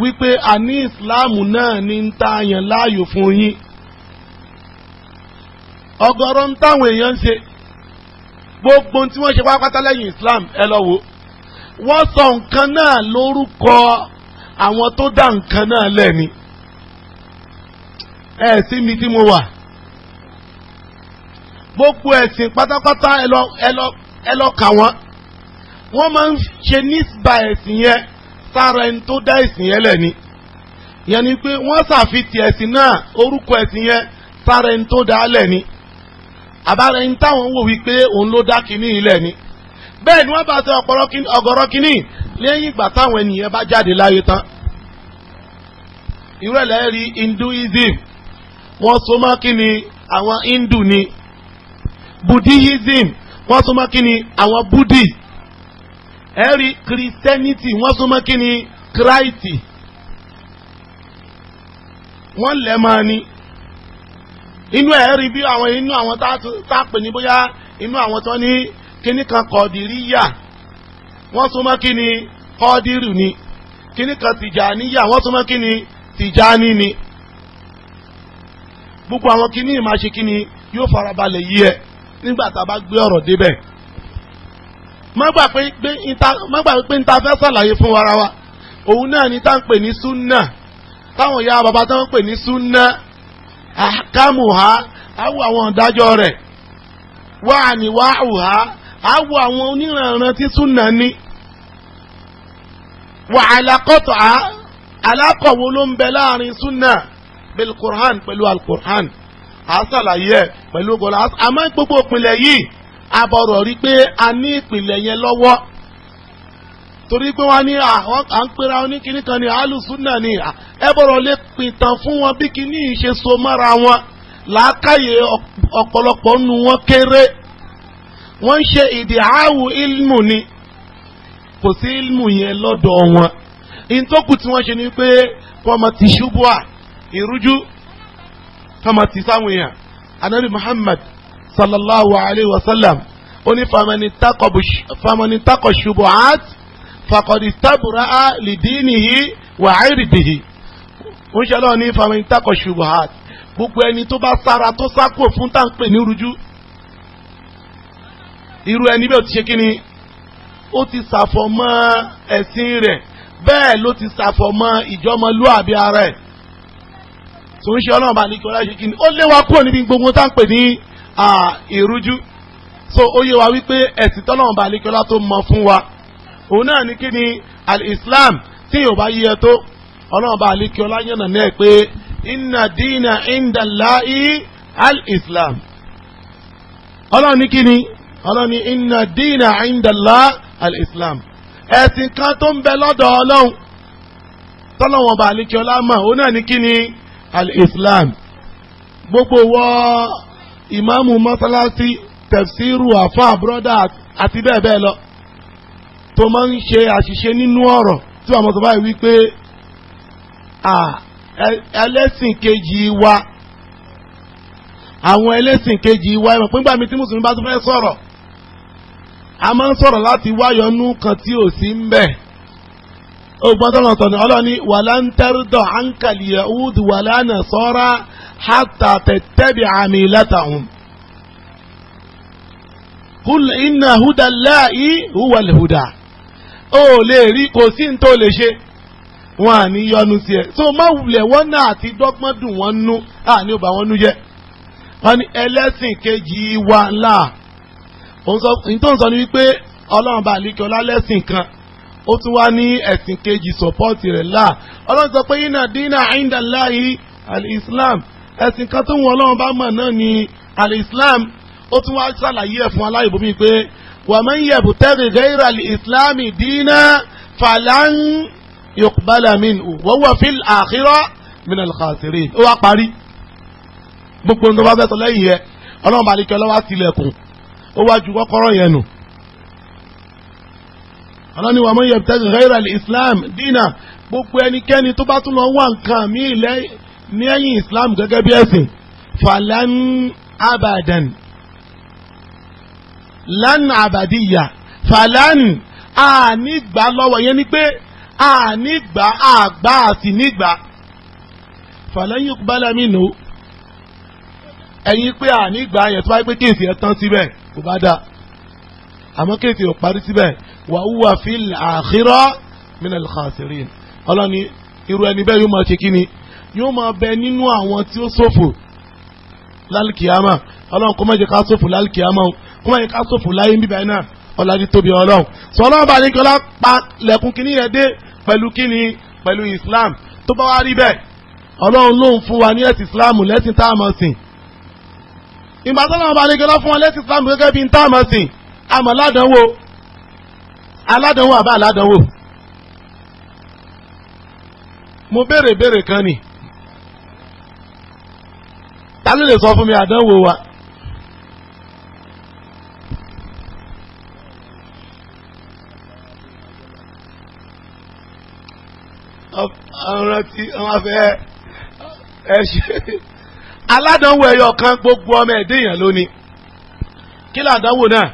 wípé àní ìsìláàmù náà ní ń ta àyàn láàyò fún yín ọ̀gọ̀rọ̀ ń táwọn èèyàn ń ṣe gbogbo tí wọ́n ṣe pátápátá lẹ́yìn islam ẹ lọ wò wọ́n sọ nǹkan náà lórúkọ àwọn tó dá nǹkan náà lẹ́ni ẹ sí mi tí mo wà gbogbo ẹ̀sìn pátápátá ẹ lọ ẹ lọ kà wọ́n wọ́n máa ń ṣe nísìbà ẹ̀sìn yẹn sára ẹni tó dá ẹ̀sìn yẹn lẹ̀ ni yẹn ni pé wọ́n ṣàfihàn ẹ̀sìn náà orúkọ ẹ̀sìn yẹn sára ẹni tó dá a lẹ̀ ni àbára ẹni táwọn wò wípé òun ló dá kínní ilẹ̀ ni bẹ́ẹ̀ ni wọ́n bá ṣe ọ̀gọ̀rọ̀ kínní lẹ́yìn ìgbà táwọn ènìyàn bá jáde láyé tán ìrọ̀lẹ́ rí hinduism wọ́n so mọ́ kínní àwọn hindu ni buddhism wọ́n súnmọ́ kí ni àwọn búdì ẹ̀rí kìrìsẹ́nìtì wọ́n súnmọ́ kí ni kíráìtì wọ́n lẹ̀ máa ni inú ẹ̀rí bí àwọn inú àwọn tá a pè ní bóyá inú àwọn tó ní kíní kan kọ̀dìríyà wọ́n súnmọ́ kí ni kọ́dìrù ni kíní kan tìjàníyà wọ́n súnmọ́ kí ni tìjání ni gbogbo àwọn kíní ìmáṣe kí yóò farabalẹ̀ yí ẹ̀ nígbà tá a bá gbé ọ̀rọ̀ débẹ̀ mọ́gbà pé ń ta fẹ́ sàlàyé fún ara wa òun náà ni tá ń pè ní súnà táwọn ìyá bàbá tó ń pè ní súnà àkàmùhá àwọ̀ àwọn ìdájọ́ rẹ̀ wá àníwá àwùhá àwọ̀ àwọn oníranran tí súnà ní wà àlàkọ́tọ̀ á alákọ̀wò ló ń bẹ láàrin súnà bil Qur'an pẹ̀lú al a ṣàlàyé ẹ̀ pẹ̀lú ògbọ́n náà àmọ́ gbogbo ìpìlẹ̀ yìí abọ̀rọ̀ rí pé a ní ìpìlẹ̀ yẹn lọ́wọ́ torí pé wọ́n ní à ń pera wọn ní kinní kan ní alùsùnà ni ẹ bọ̀rọ̀ lè pìtàn fún wọn bí kinní yìí ṣe so mọ́ra wọn làákàyè ọ̀pọ̀lọpọ̀ nu wọn kéré wọ́n ń ṣe ìdí àáwù ilmu ni kò sí ilmu yẹn lọ́dọ̀ wọn ìtọ́kù tí wọ́n ṣe ni pé kọ́mọ ti à ìrújú kama ti sáwọn èèyàn anabi muhammad sallallahu alayhi wa sallam ó ní famani takọ ṣubuhat fakọdi tabura lidinihi wa ayiridihi ó ń ṣe lọ́wọ́ ní famani takọ ṣubuhat gbogbo ẹni tó bá sára tó sákò fún táǹpẹ̀ ní rújú irú ẹni bẹ́ẹ̀ ti ṣe kí ni ó ti ṣàfọ̀mọ́ ẹ̀sìn rẹ̀ bẹ́ẹ̀ ló ti ṣàfọ̀mọ́ ìjọmọlúàbí ara ẹ̀ tó ń ṣe ọlọ́run bá ní kí ọlá ṣe kí ni ó léwa kúrò níbi gbogbo tá ń pè ní ìrújú so ó yé wa wípé ẹ̀sìn tọ́lọ́run bá ní kí ọlá tó mọ fún wa òun náà ní kí ni al-islam tí yóò bá yí tó ọlọ́run bá ní kí ọlá yànnà náà pé inna dina inda Allahi al ọlọ́run ní kí ni ọlọ́run ní inna dina inda Allahi al ẹ̀sìn kan tó ń bẹ lọ́dọ̀ ọlọ́run tọ́lọ́run bá ní kí ọlá mọ̀ òun náà ní kí ni al-islam gbogbo wọ ìmáàmù mọ́sálásí tẹ̀síìrù àfáà brọ́dà àti bẹ́ẹ̀ bẹ́ẹ̀ lọ tó máa ń ṣe àṣìṣe nínú ọ̀rọ̀ tí wàá mọ̀tò báyìí wípé ẹlẹ́sìn kejì wa àwọn ẹlẹ́sìn kejì wa ẹ̀mọ̀ pínpá mi tí mùsùlùmí bá tún fẹ́ sọ̀rọ̀ a máa ń sọ̀rọ̀ láti wáyọnú kan tí ò sí ń bẹ ogun tọ́lọ̀ tọ́ni ọlọ́ni wàlántẹ́rìdọ̀ hankali yahud wàlánà sọ́ra hàtà tẹ̀tẹ́bi àmì látàhùn. kul inna huda láàyè huwa lèhuda ó lè rí kò sí ní tó lè ṣe wọn à ní yọnu sí ẹ so má wulẹ̀ wọn náà àti dọ́gbọ́n dùn wọn nú àní ò bá wọn nú jẹ́ wọn ni ẹlẹ́sìn kejì wa ńlá nítorí sọ ni wípé ọlọ́run bá àlíkẹ́ ọlá lẹ́sìn kan ó tún wá ní ẹ̀sìn kejì sọ̀pọ́ọ̀tì rẹ̀ láà ọlọ́run sọ pé iná dínà àìndàláyé alìsílám ẹ̀sìn kan tó ń wọ ọlọ́run bá mọ̀ náà ni alìsílám ó tún wá ṣàlàyé ẹ̀ fún aláìbomi pé wàmọ́ ń yẹ̀bù tẹ́rì gẹ́rẹ́ alìsílámì dínà fàlàn yọkùbálà min ò wọ́wọ́ fíl àkírọ́ min alìkàtìrì ó wá parí gbogbo ní bá fẹ́ sọ lẹ́yìn yẹ ọlọ́run bá ní kí ọlọ́wà tilẹ̀kùn ó wá kọ́kọ́rọ́ yẹn nù ọlọ́ni wa man yabtaghi ghayra al-islam dínà gbogbo ẹnikẹ́ni tó bá tún lọ wá nǹkan mí ní ẹ̀yìn islam gẹ́gẹ́ bí ẹ̀sìn falan abadan lan abadiyya falan ànígbà lọ́wọ́ yẹn ni pé ànígbà àgbà àti nígbà falan yuqbala minhu ẹ̀yin pé ànígbà yẹn tó bá yẹ pé kéèsì ẹ̀ tán síbẹ̀ kò bá dáa àmọ́ kéèsì ò parí síbẹ̀ wa huwa fil akhirah minal khasirin ọlọ́ni irú ẹni bẹ́ẹ̀ yóò máa ṣe kíni yóò máa bẹ nínú àwọn tí ó ṣòfò lálùkìyàmà ọlọ́run kó má jẹ́ ká ṣòfò lálùkìyàmà o kó má jẹ́ ká ṣòfò láyé bíbá iná ọlọ́dún tóbi ọlọ́run sọ ọlọ́run bá ní kí ọlá pa lẹ́kùn kíní yẹn dé pẹ̀lú kíní pẹ̀lú Islam tó bá wá rí bẹ́ẹ̀ ọlọ́run ló ń fún wa ní ẹ̀sìn Islam lẹ́sìn tá a ìgbà tó ọlọ́run bá ní kí ọlá fún wa lẹ́sìn Islam gẹ́gẹ́ bí tá a àmọ́ ládàáwò aládánwò àbá aládánwò mo béèrè béèrè kan ni ta ló lè sọ fún mi àdánwò wa. ọ̀ràn tí wọ́n fẹ́ ẹ ṣe aládánwò ẹ̀yọ̀ kan gbogbo ọmọ ẹ̀dẹ́yàn lónìí kí làdánwò náà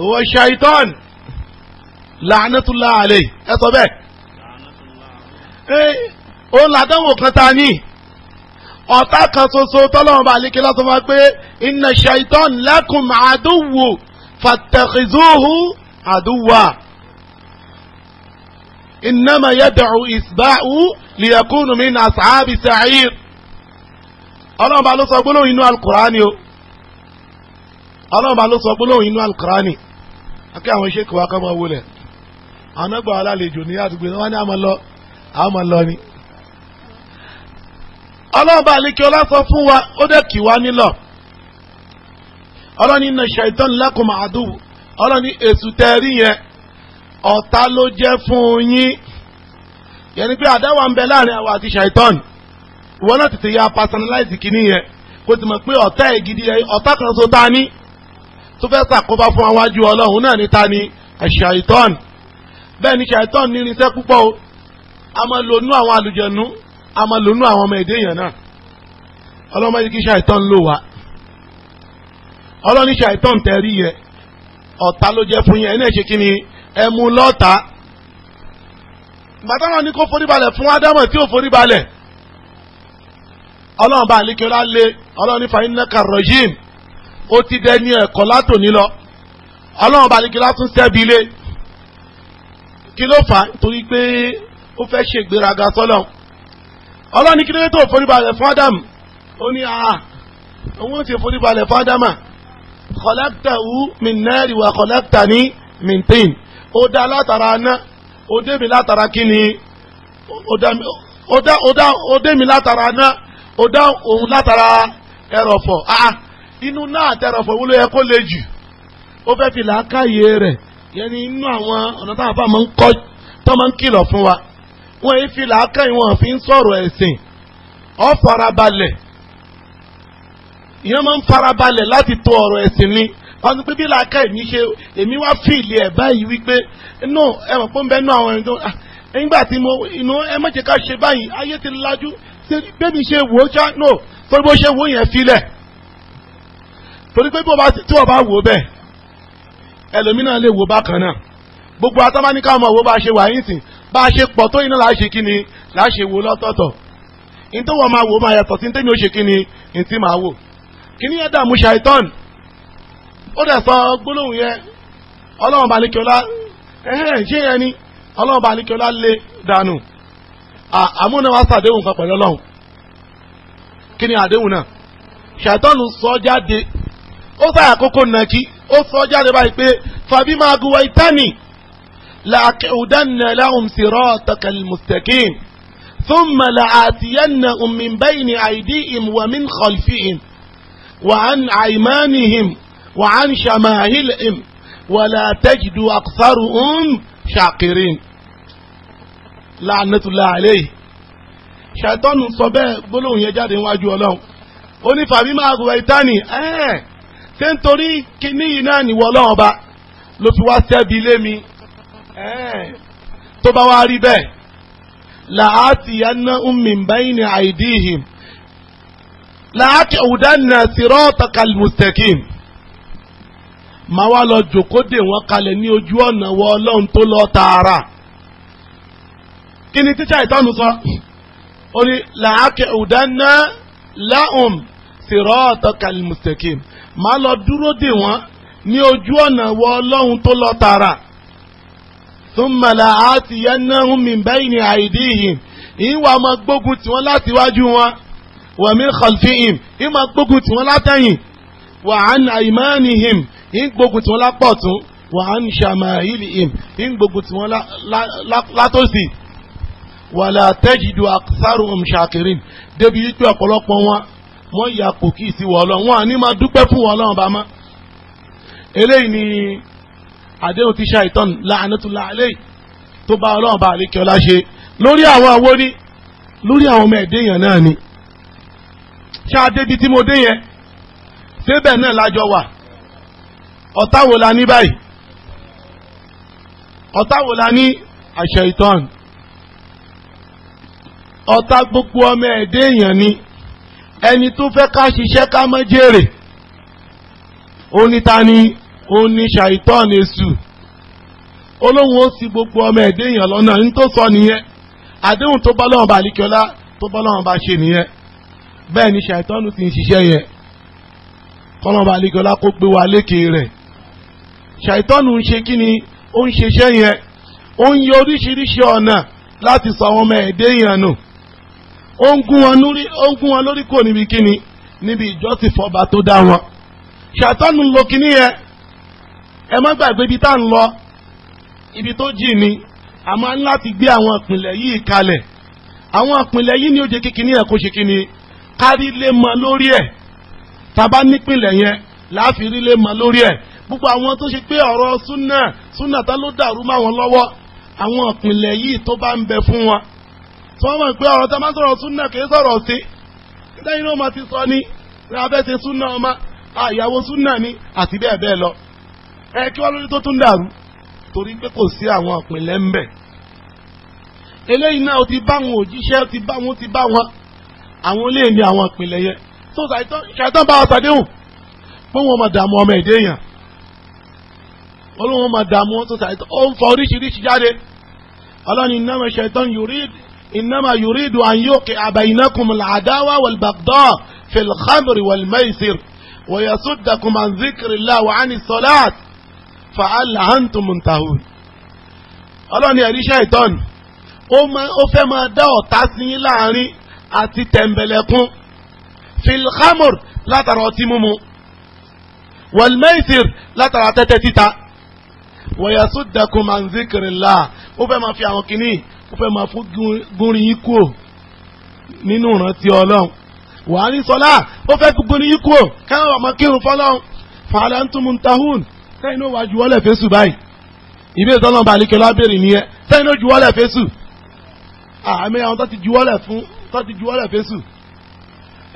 òwò ṣàìtọ́nù làánàtúlá àlè ẹ sọ bẹ́ẹ̀. òun làdánwò kan ta ni ọ̀tá kan ṣoṣo tọ́lọ́run bá lè ké lọ́sọ̀ máa pé inna shaitan lakum aduwwu fattakhizuhu aduwwa. إنما يدعو إسباء ليكون من أصحاب سعير ọlọ́run bá ló sọ gbólóhùn inú alukurani o ọlọ́run bá ló sọ gbólóhùn inú alukurani akẹ́ àwọn iṣẹ́ kí wàá kọ́ máa wọlé àwọn náà gbà wá lálejò ní àdúgbò náà wọ́n ní àmọ́ lọ ni. ọlọ́ọ̀bá àlekè ọlá sọ fún wa ó dẹ̀ kì wá nílọ̀ ọlọ́ni iná ṣàìtàn lakum àdúgbò ọlọ́ni èṣù tẹ́ rí yẹn ọ̀tá ló jẹ́ fún yín yẹn ni pé àdáwà ń bẹ láàrin àwa àti ṣàìtàn ìwọ náà tètè ya personalize kìíní yẹn kó ti mọ̀ pé ọ̀tá ẹ̀ gidi ọ̀tá kan so ta ni tó fẹ́ ṣàkóbá fún wa wájú ọlọ́run náà ní ta ni ṣàìtàn bẹ́ẹ̀ ni ṣàìtàn ní irinṣẹ́ púpọ̀ o a máa lò nú àwọn àlùjẹ̀nu a máa lò nú àwọn ọmọ èdè èèyàn náà ọlọ́mọ yìí kí ṣàìtàn lò wá ọlọ́ni ṣàìtàn tẹ̀rí yẹ ọ̀tá ló jẹ́ fún yẹn ẹ̀ náà ṣe kí ni ẹ mú lọ́ta ni kò foríbalẹ̀ fún ádámọ̀ tí ò foríbalẹ̀ ọlọ́run bá àlékèrà lé ọlọ́run nífa ó ti dẹni ẹ̀kọ́ látòní lọ ọlọ́run bá àlékèrà lé kí ló fà á torí pé ó fẹ́ ṣe ìgbéraga sọ́lọ̀ ọlọ́ni kí lóye tó foríbalẹ̀ fún ádámù ó ní àá òun ti foríbalẹ̀ fún ádámà kọlẹ́kítàwù mi nẹ́ẹ̀rì wà kọlẹ́kítà ní mìntín ó dá látara aná ó dé mi látara kíni ó dé mi látara aná ó dá òun látara ẹrọ̀fọ̀ àá inú náà àtẹrọ̀fọ̀ wúlò yẹ kó le jù ó fẹ́ fi làákàyè rẹ̀ yẹn ni inú àwọn ọ̀nà táwọn bá máa ń kọ́ tó máa ń kìlọ̀ fún wa wọn èyí fi làákàn ìwọ̀n fi ń sọ̀rọ̀ ẹ̀sìn ó farabalẹ̀ ìyẹn máa ń farabalẹ̀ láti tó ọ̀rọ̀ ẹ̀sìn ni wọ́n ti pé bí làákà èmi ṣe èmi wá fíìlì ẹ̀ báyìí wípé no ẹ mọ̀ pé ń bẹ́ẹ̀ nú àwọn ẹni tó ah, nígbà tí mo inú ẹ má jẹ́ ká ṣe báyìí ayé ti lajú bẹ́ẹ̀ni ṣe wò ó ṣá no torí bó ṣe wò yẹn filẹ̀ torí pé bí wọ́n bá wò bẹ́ẹ̀ ẹlòmínà lè wò bákan náà gbogbo atámáníkà ọmọ wo bá ṣe wà yín sìn bá ṣe pọ̀ tó iná láṣẹ kí ni láṣẹ wo lọ́tọ̀ọ̀tọ̀ ní tó wọ́n máa wò máa yàtọ̀ sí ní tẹ́mi ó ṣe kí ni ní tí máa wò kí ni yẹn dààmú ṣàìtọ́n ó dẹ̀ sọ gbólóhùn yẹn ọlọ́run balẹ̀kíọ́lá ẹ̀hẹ́n ṣé yẹn ni ọlọ́run balẹ̀kíọ́lá lé dànù àmúnáwá sàdéhùn kan pẹ̀lú ọlọ́run kí ni àdéhùn náà ṣàìtọ́n sọ jáde ó fà àkókò nàkí ó sọ jáde báyìí pé fàbí máa guwa ìtánì làkèudánà lahum sirataka almustaqim thumma la'atiyannahum min bayni aydihim wa min khalfihim wa an aymanihim wa an shamahilihim wa la tajidu aktharuhum shakirin. la'natullahi alayhi ṣàtọ́nù sọ bẹ́ẹ̀ gbólóhùn yẹn jáde níwájú ọlọ́run ó ní fàbí máa guwa ìtánì ẹ̀ẹ́ ṣé nítorí kíní yìí náà nìwọ ọlọ́run ọba ló fi wá sẹ́bi lé mi tó bá wá rí bẹ́ẹ̀ làátì yaná min bayni àìdíhìm làátì ọ̀dánà siratakal mustaqim màá wá lọ jòkó dè wọ́n kalẹ̀ ní ojú ọ̀nà wọ ọlọ́run tó lọ tààrà kí ni tíṣà ìtọ́nu sọ ó ní làákẹ́ ọ̀dánà láhùn siratakal mustaqim màá lọ dúró dè wọ́n ní ojú ọ̀nà wọ ọlọ́run tó lọ tààrà thumma la'atiyannahum min bayni aydihim ìwà ọmọ gbógun tiwọn láti wájú wọn wa min khalfihim ìmọ̀ gbógun tiwọn látẹ̀yìn wa an aymanihim ìgbógun tiwọn lápá ọ̀tún wa an shama'ilihim ìgbógun tiwọn látòsí wala tajidu aktharuhum shakirin débi yìí ọ̀pọ̀lọpọ̀ wọn wọ́n ya pòkì sí wọ ọlọ́run wọn àní máa dúpẹ́ fún wọ ọlọ́run bá mọ́. eléyìí ni àdéhùn ti ṣàìtàn la'anatullah alayhi tó bá ọlọ́run bá àlékè ọlá ṣe lórí àwọn àwo ni lórí àwọn ọmọ ẹ̀dẹ́ yẹn náà ni. ṣáadé bíi tí mo dé yẹn débẹ̀ náà lájọ wà ọ̀tá wo la ní báyìí ọ̀tá wo la ní àṣẹ ìtàn ọ̀tá gbogbo ọmọ ẹ̀dẹ́ èèyàn ni ẹni tó fẹ́ ká ṣiṣẹ́ ká má jèrè onítani oníṣàìtọ́ni èṣù olóhùn ó sì gbogbo ọmọ ẹ̀dẹ́ èèyàn lọ́nà ní tó sọ nìyẹn àdéhùn tó bá lọ́wọ́ bá àlíkíọ́lá tó bá lọ́wọ́ bá ṣe nìyẹn bẹ́ẹ̀ ni ṣàìtọ́nù ti ń ṣiṣẹ́ yẹn kọ́lọ́wọ́ bá àlíkíọ́lá kó gbé wa lékè rẹ̀ ṣàìtọ́nù ń ṣe kí ni ó ń ṣiṣẹ́ yẹn ó ń yọ oríṣiríṣi ọ̀nà láti sọ àwọn ọmọ ẹ̀dẹ́ èèyàn nù. No ó ń gún wọn lórí kò níbi kíni níbi ìjọsìn fọba tó dá wọn. ṣàtọ́nù ń lo kíní yẹn ẹ má gbàgbé ibi tá à ń lọ ibi tó jì ni a máa ń láti gbé àwọn ìpìlẹ̀ yìí kalẹ̀ àwọn ìpìlẹ̀ yìí ni ó jẹ́ kíkiní ẹ̀ kó ṣe kíni kárí lè mọ lórí ẹ̀ tàbá nípìnlẹ̀ yẹn láàfin rí lè mọ lórí ẹ̀ gbogbo àwọn tó ṣe pé ọ̀rọ̀ súnà súnà tá ló dàrú mọ́ lọ́wọ́ àwọn ìpìlẹ̀ yìí tó bá ń bẹ fún wọn tí wọ́n mọ̀ pé ọ̀rọ̀ tá a máa sọ̀rọ̀ súnà kì í sọ̀rọ̀ sí lẹ́yìn náà máa ti sọ ní abẹ́ ti súnà ọmọ àyàwó súnà ni àti bẹ́ẹ̀ bẹ́ẹ̀ lọ ẹ kí wọ́n lórí tó tún dàrú torí pé kò sí àwọn ọ̀pìnlẹ̀ ń bẹ̀ eléyìí náà ti bá wọn òjíṣẹ́ ti bá wọn ti bá wọn àwọn eléyìí ni àwọn ìpìlẹ̀ yẹn tó ṣàìtàn bá àtàdéhùn pé wọn máa dààmú ọmọ èdè èèyàn olóhùn máa dààmú tó ṣàìtàn ó ń fa oríṣiríṣi jáde ọlọ́ni náà ṣàìtàn yuridu إنما يريد أن يوقع بينكم العداوة والبغضاء في الخمر والميسر ويصدكم عن ذكر الله وعن الصلاة فعل أنتم منتهون ألو يا شيطان أما أفهم أدو تسني لعني أتي تنبلكم في الخمر لا ترى تيمومو والميسر لا ترى تتتتا ويصدكم عن ذكر الله أفهم في أمكني ó fẹ́ máa fún gúnrin yín kúrò nínú ìrántí ọlọ́run wàá ní sọlá ó fẹ́ fún gúnrin yín kúrò káwọn ọmọ kírun fọlọ́run fàlà ń tún mu ń tahùn sẹ́yìn náà wàá juwọ́lẹ̀ fésù báyìí ìbéèrè tọ́lọ́ bá alikẹ́ lábẹ́rẹ́ nìyẹn sẹ́yìn náà juwọ́lẹ̀ fésù àmì àwọn tó ti juwọ́lẹ̀ fún tó ti juwọ́lẹ̀ fésù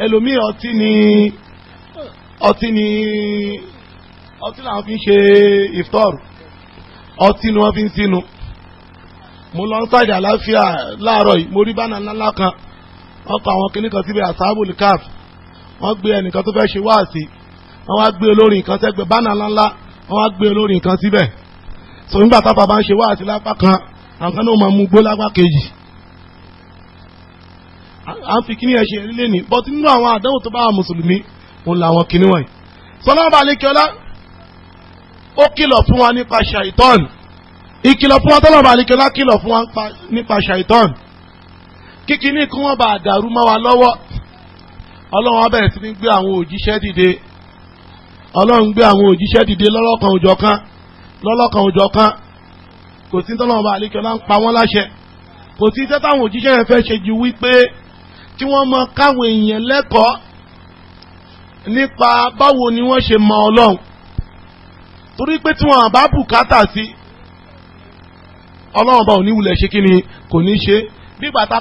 ẹlòmíì ọtí ni ọtí ni ọtí làwọn fi ń ṣe ìftọ́rù ọtí ni wọ́n fi ń sínú mo lọ ń tajà láfíà láàárọ̀ yìí mo rí bánà ńlá kan wọ́n kọ àwọn kinní kan síbi àsáàbù káf wọ́n gbé ẹnìkan tó fẹ́ ṣe wáàsí wọ́n wá gbé olórin kan sẹ́gbẹ̀ẹ́ bánà ńlá wọ́n wá gbé olórin kan síbẹ̀ so nígbà tápá bá ń ṣe wáàsí lápá kan àwọn kan náà máa mú gbó lápá kejì à ń fi kíní ẹ̀ ṣe eré lé ní bọ́tí nínú àwọn àdánwò tó bá wà mùsùlùmí òun làwọn kíní wọ̀nyí sọlá ìkìlọ̀ fún wa tọ́lọ̀ bá àlekèlá kìlọ̀ fún wa nípa ṣàìtọ́n kíkiní kí wọ́n bá dàrú mọ́ wa lọ́wọ́ ọlọ́run abẹ́rẹ́ sí ní gbé àwọn òjíṣẹ́ dìde ọlọ́run gbé àwọn òjíṣẹ́ dìde lọ́lọ́kan òjọ̀ kan lọ́lọ́kan òjọ̀ kan kò sí tọ́lọ́run bá àlekèlá ń pa wọ́n láṣẹ kò sí iṣẹ́ táwọn òjíṣẹ́ yẹn fẹ́ ṣe ju wípé tí wọ́n mọ káwọn èèyàn lẹ́kọ̀ọ́ nípa báwo ni wọ́n ṣe mọ ọlọ́run torí pé tí wọ́n bá bùkátà sí ọlọ́run bá ò ní wulẹ̀ ṣe kí ni kò ní ṣe nígbà tá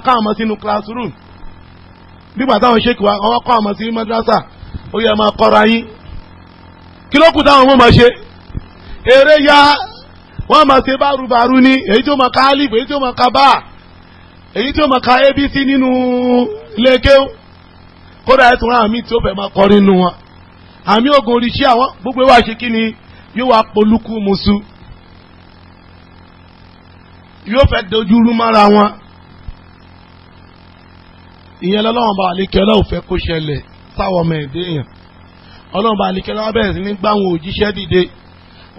a sínú madrasa ó yẹ máa kọ́ra yín kí ló kù táwọn ọmọ máa ṣe eré ya wọ́n máa ṣe bárubàru ni èyí ka alif èyí máa ka bá èyí máa ka abc nínú kódà ẹ̀ tún rán àmì tí ó fẹ́ máa nínú wọn àmì ògùn oríṣi àwọn wa ṣe kí ni yóò wá musu yóò fẹ́ dojú rú mọ́ra wọn ìyẹn lọ́wọ́n bá àlékẹ́ ọlọ́run fẹ́ kó ṣẹlẹ̀ sáwọn ọmọ ẹ̀dẹ́ èèyàn ọlọ́run bá àlékẹ́ ọlọ́run bẹ̀rẹ̀ sí ní gbá àwọn òjíṣẹ́ dìde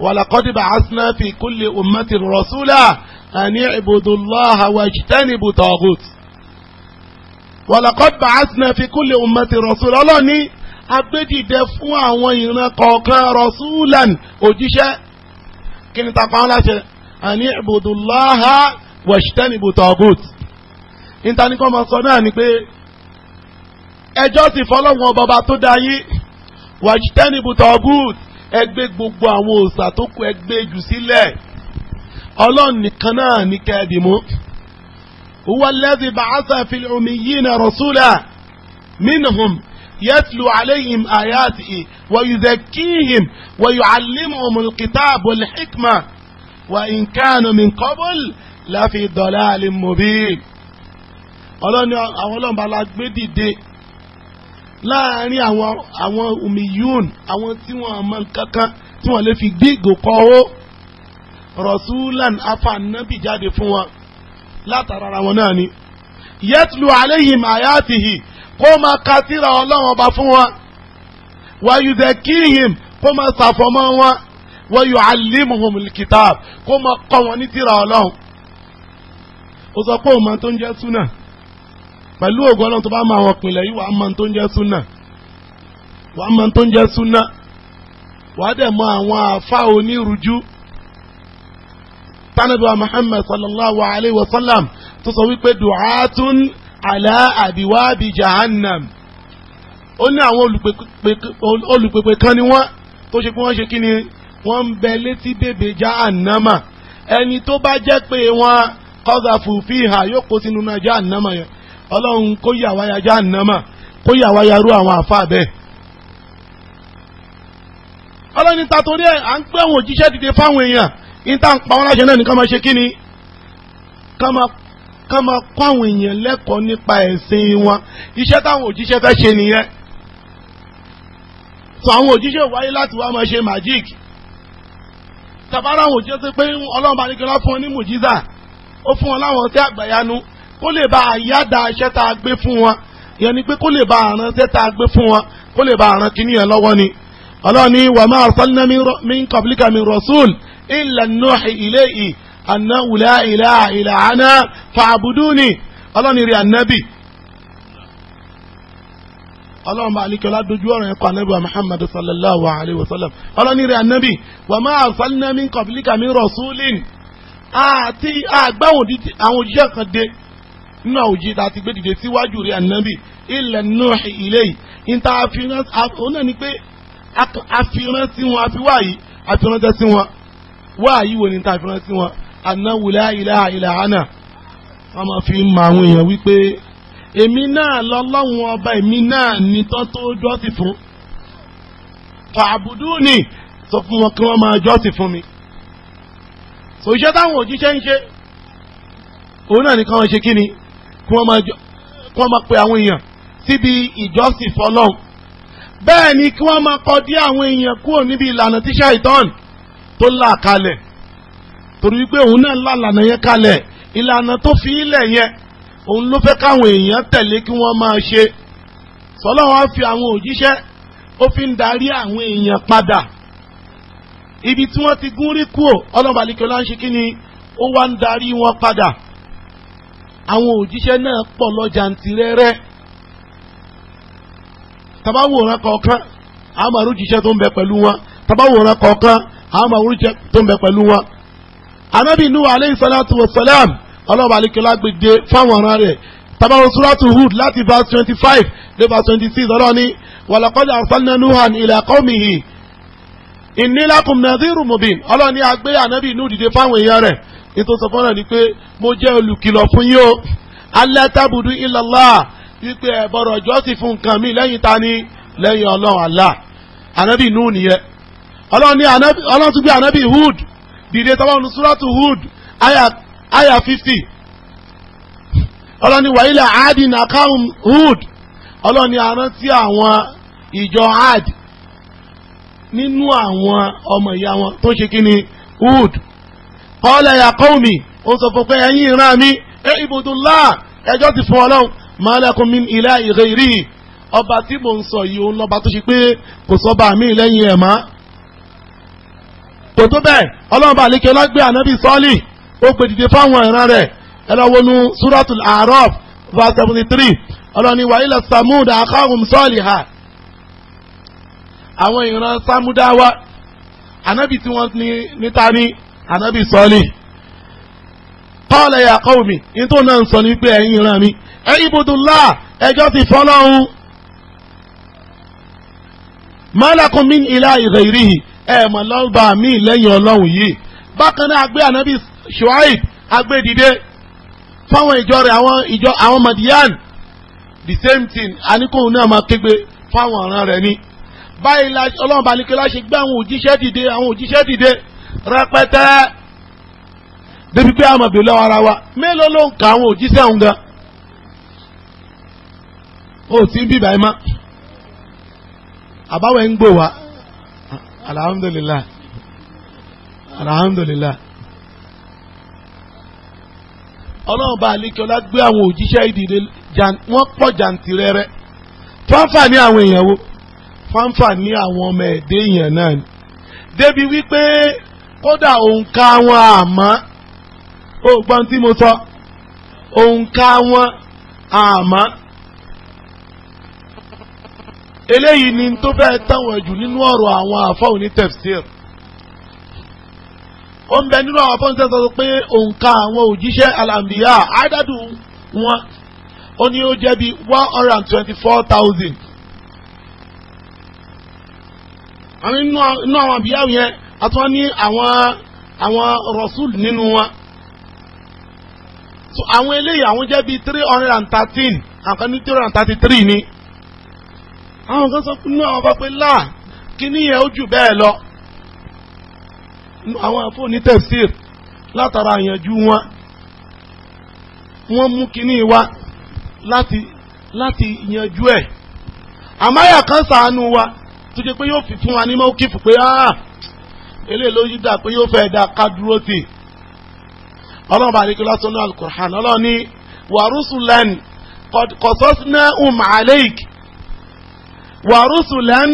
walaqad ba'athna fi kulli ummatin rasula ani ibudullaha wajtanibu taghut walaqad ba'athna fi kulli ummatin rasula ọlọ́run ní agbẹ́dìde fún àwọn ìran kọ̀ọ̀kan rasulan òjíṣẹ́ kí ni tàpá wọn láṣẹ àní ìbùdóláhà wẹ̀ṣítẹ́nìbù tọ́gùt ìtàníkọ́ máa sọ náà ni pé ẹjọ́ sì fọlọ́wọ́n bàbá tó dá yín wẹ̀ṣítẹ́nìbù tọ́gùt ẹgbẹ́ gbogbo àwọn òòṣà tó kù ẹgbẹ́ jù sílẹ̀ ọlọ́run nìkan náà ní kẹ́ẹ̀dì mú. هو الذي بعث في الأميين رسولا منهم يتلو عليهم آياته ويزكيهم ويعلمهم الكتاب والحكمة وإن كانوا من قبل لفي ضلال مبين ọlọ́ni àwọn ọlọ́mọba la gbé dìde láàrin àwọn àwọn umiyun àwọn tí wọ́n mọ kankan tí wọ́n lè fi gbé ìgòkọ́ ó rọ̀súlàn afànábì jáde fún wọn látara ara wọn náà ni yẹtùlù àléhìm àyàtìhì kó máa ka tírà ọlọ́wọ́n ọba fún wọn wàyùdẹ̀kìhìm kó máa ṣàfọ̀mọ́ wọn wa yu'allimuhumul kitab kó máa kọ́ wọn ní tírà ọlọ́run ó sọ pé òun máa tó ń jẹ́ súnà pẹ̀lú ògùn ọlọ́run tó bá máa wọn pinlẹ̀ yìí wàá máa tó ń jẹ́ súnà wàá máa tó ń jẹ́ súnà wàá dẹ̀ mọ àwọn àfa onírújú tánàbíwá Muhammad sallallahu alayhi wa sallam tó sọ wípé du'atun ala àbíwábi jahannam ó ní àwọn olùpèpè kan ni wọ́n tó ṣe pé wọ́n ṣe kí ni wọ́n ń bẹ létí bèbè jahannama ẹni tó bá jẹ́ pé wọ́n kọ́sàfù fìhà yóò kó sínú náà jahannama yẹn ọlọ́run kó yà wáyà jahannama kó yà wáyà rú àwọn àfa bẹ́ẹ̀. ọlọ́ni ta torí ẹ̀ à ń pẹ́ àwọn òjíṣẹ́ dìde fáwọn èèyàn ní tá à ń pa wọn láṣẹ náà ní ká máa ṣe kí ni ká máa kọ́ àwọn èèyàn lẹ́kọ̀ọ́ nípa ẹ̀sìn wọn iṣẹ́ táwọn òjíṣẹ́ fẹ́ ṣe nìyẹn. sọ àwọn òjíṣẹ́ wáyé láti wá máa ṣe magic tàbára wọn jẹ́ pé ọlọ́run bá nìkan fún ọ ní mùjíza ó fún wọn láwọn ọtí àgbàyanu kó lè bá àyáda iṣẹ́ tá a gbé fún wọn ìyẹn ni pé kó lè bá àrùn iṣẹ́ tá a gbé fún wọn kó lè bá àrùn kìíní yẹn lọ́wọ́ ni. ọlọ́run ní wa ma arsalna min qablika min rasul illa nuhi ilayhi annahu la ilaha illa ana fa'buduni ọlọ́run ní rí ànábì ọlọ́run bá alikẹ́lá dojú ọ̀rọ̀ yẹn kọ́ anábìwá muhammad sallallahu alayhi wa sallam ọlọ́ni rẹ̀ anábì wà má àfàlínà mi kọ̀bílíkà mi rọ̀súlìn àti àgbáwọn àwọn òjíṣẹ́ kan dé nínú àwọn òjíṣẹ́ tá a ti gbé dìde síwájú rẹ̀ anábì ilẹ̀ nùhì ilé yìí níta àfihàn òun náà ni pé àfihàn sí wọn àfiwá yìí àfihàn tẹ́ sí wọn wá yìí wò ní níta àfihàn sí wọn anáwùlá ilá ilá àná wọn máa fi ń èmi náà lọ́lọ́run ọba èmi náà ní tọ́tọ́ jọ́sì fún fàbùdù ni sọ fún wọn kí wọ́n máa jọ́sì fún mi so iṣẹ́ táwọn òjíṣẹ́ ń ṣe òun náà ní káwọn ṣe kí ni kí wọ́n máa pe àwọn èèyàn síbi ìjọ́sìn fọlọ́hùn bẹ́ẹ̀ ni kí wọ́n máa kọdí àwọn èèyàn kúrò níbi ìlànà tí ṣáìtọ́n tó là kalẹ̀ torí wípé òun náà lálànà yẹn kalẹ̀ ìlànà tó fi ilẹ̀ yẹn òun ló fẹ́ káwọn èèyàn tẹ̀lé kí wọ́n máa ṣe sọlọ́wọ́n á fi àwọn òjíṣẹ́ ó fi ń darí àwọn èèyàn padà ibi tí wọ́n ti gún rí kúò ọlọ́balẹ̀kẹ́ ọlá ń ṣe kí ni ó wá ń darí wọn padà àwọn òjíṣẹ́ náà pọ̀ lọ́jà ń tirẹ́rẹ́ tabawòrán kọ̀ọ̀kan àmọ́ àrùjíṣẹ́ tó ń bẹ pẹ̀lú wọn tabawòrán kọ̀ọ̀kan àmọ́ àrùjíṣẹ́ tó ń bẹ pẹ̀lú wọn. anábì nuhu aleyhi salatu wa salam ọlọ́ọ̀bà alekela gbèdé fáwọn ọ̀ràn rẹ̀ tabawo suratu hud láti verse twenty five dé verse twenty six ọlọ́ọ̀ni walaqad arsalna nuhan ila qawmihi inni lakum nadhirun mubin ọlọ́ọ̀ni àgbé ànábì inú dìde fáwọn èèyàn rẹ̀ ètò sọ fọ́nrán ni pé mo jẹ́ olùkìlọ̀ fún yín o alla tabudu illa Allah wípé ẹ bọ̀rọ̀ jọ́sìn fún nǹkan mi lẹ́yìn ta ni lẹ́yìn ọlọ́run Allah ànábì inú nìyẹn ọlọ́ọ̀ni ọlọ́ọ̀tún ànábì Aya fifty ọlọ́ni wàhílà áàdì nàkàhùn hud ọlọ́ni arántí àwọn ìjọ ad. nínú àwọn ọmọ ìyá wọn tó ṣe kí ni hud qala ya qawmi ó sọ fún pé ẹ̀yin ìran mi ẹ ibudullah ẹjọ́ ti fún ọlọ́run malakum min ilahi ghairi ọba tí mò ń sọ yìí òun lọ́ba tó ṣe pé kò sọ́ba mi lẹ́yìn ẹ̀ mọ́ kò bẹ́ẹ̀ ọlọ́run bá ọlọ́gbẹ́ ànábì ó gbé dìde fáwọn ìran rẹ̀ ẹ lọ wọnú suratul araf verse seventy three ọlọ́ni wa ila samud akhahum saliha àwọn ìran samudawa anabi tí wọ́n ní níta ní anabi sọ́ọ̀lì qala ya qawmi nítorí náà ń sọ ní pé ẹ̀yin ìran mi ẹ̀yin ibudullah ẹjọ́ ti fọ́lọ́hún malakum min ilahi ghairihi ẹ̀ mi lẹ́yìn ọlọ́run yìí bákan náà gbé anabi Shuaib agbẹ́dìde fáwọn ìjọ rẹ̀ àwọn ìjọ àwọn Madian the same thing anikóhun náà máa kégbe fáwọn ọ̀ràn rẹ̀ ni báyìí la ọlọ́run balẹ̀kẹ́ la ṣe gbé àwọn òjíṣẹ́ dìde àwọn òjíṣẹ́ dìde rẹpẹtẹ débi pé àmọ̀ bèlè ara wa mélòó ló ń ka àwọn òjíṣẹ́ òun gan ó ti ń bíbà ẹ má àbáwẹ̀ ń gbò wá alhamdulilayi alhamdulilayi ọlọ́run bá alekiola gbé àwọn òjíṣẹ́ ìdìde wọ́n pọ̀ jàǹtìrẹrẹ fáńfà ní àwọn èèyàn wo fáńfà ní àwọn ọmọ ẹ̀dẹ́ èèyàn náà ni débi wípé kódà òǹkà wọn àmọ́ ògbọ́n tí mo sọ òǹkà wọn àmọ́ eléyìí ni tó fẹ́ tán wọn nínú ọ̀rọ̀ àwọn àfọ̀ onítẹ̀fsíìrì ó ń bẹ nínú àwọn afọ́nsẹ́ sọ pé òǹkà àwọn òjíṣẹ́ alàǹbíyà àádádù wọn ó ní ó jẹ́ bí one hundred and twenty four thousand. àmì nínú àwọn àbíyá yẹn a tún ní àwọn àwọn rasul nínú wọn. so àwọn eléyìí àwọn jẹ́ bí three hundred and thirteen àkàn ní three hundred and thirty three ni. àwọn kan sọ fún mi àwọn bá pé láà kí yẹn ó jù bẹ́ẹ̀ lọ àwọn àfọ̀ní tafsir látara àyànjú wọn wọ́n mú kínní wa láti láti yanjú ẹ̀ àmáyà kan sàánú wa tó jẹ́ pé yóò fi fún wa ní mọ́kìfù pé ah, eléyìí ló yí dà pé yóò fẹ́ dà ká dúró tì ọlọ́run bá rí kí lọ́sọ̀nù alukur'an ọlọ́run ní wàrúsùlán kọ̀sọ́sínà umaleik wàrúsùlán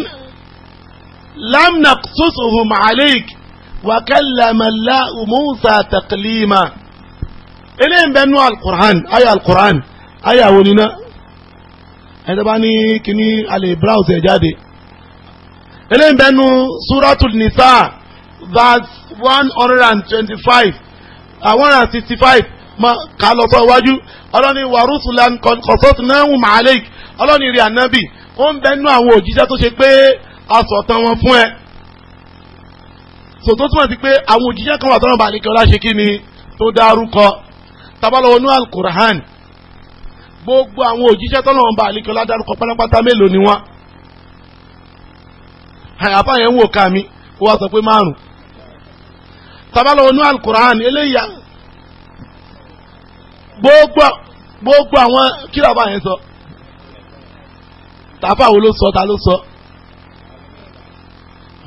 lamnaqsusuhum aleik. وكلم الله موسى تقليما إلين بنوا القرآن أي القرآن أي أولنا هذا باني كني على براوز جادي إلين بنوا سورة النساء verse 125 uh, 165 ما قالوا فواجو ọlọ́ni wàrúsùlán kọ̀sọ́tùnáhùn màálẹ́k ọlọ́ni rí ànábì ó ń bẹnu àwọn òjíṣẹ́ tó ṣe pé asọ̀tàn wọn fún ẹ so tó túmọ̀ sí pé àwọn òjíṣẹ́ kan wà tọ́nà bá àlekẹ́ ọlá ṣe kí ni tó dárúkọ tabalọ́wọ́ nú alukur'an gbogbo àwọn òjíṣẹ́ tọ́nà bá àlekẹ́ ọlá dárúkọ pátápátá mélòó ni wọ́n àyàfà yẹn ń wò ká mi ó wá sọ pé márùn tabalọ́wọ́ nú alukur'an eléyà gbogbo gbogbo àwọn kí yẹn sọ tàbá wo ló sọ ta ló sọ. So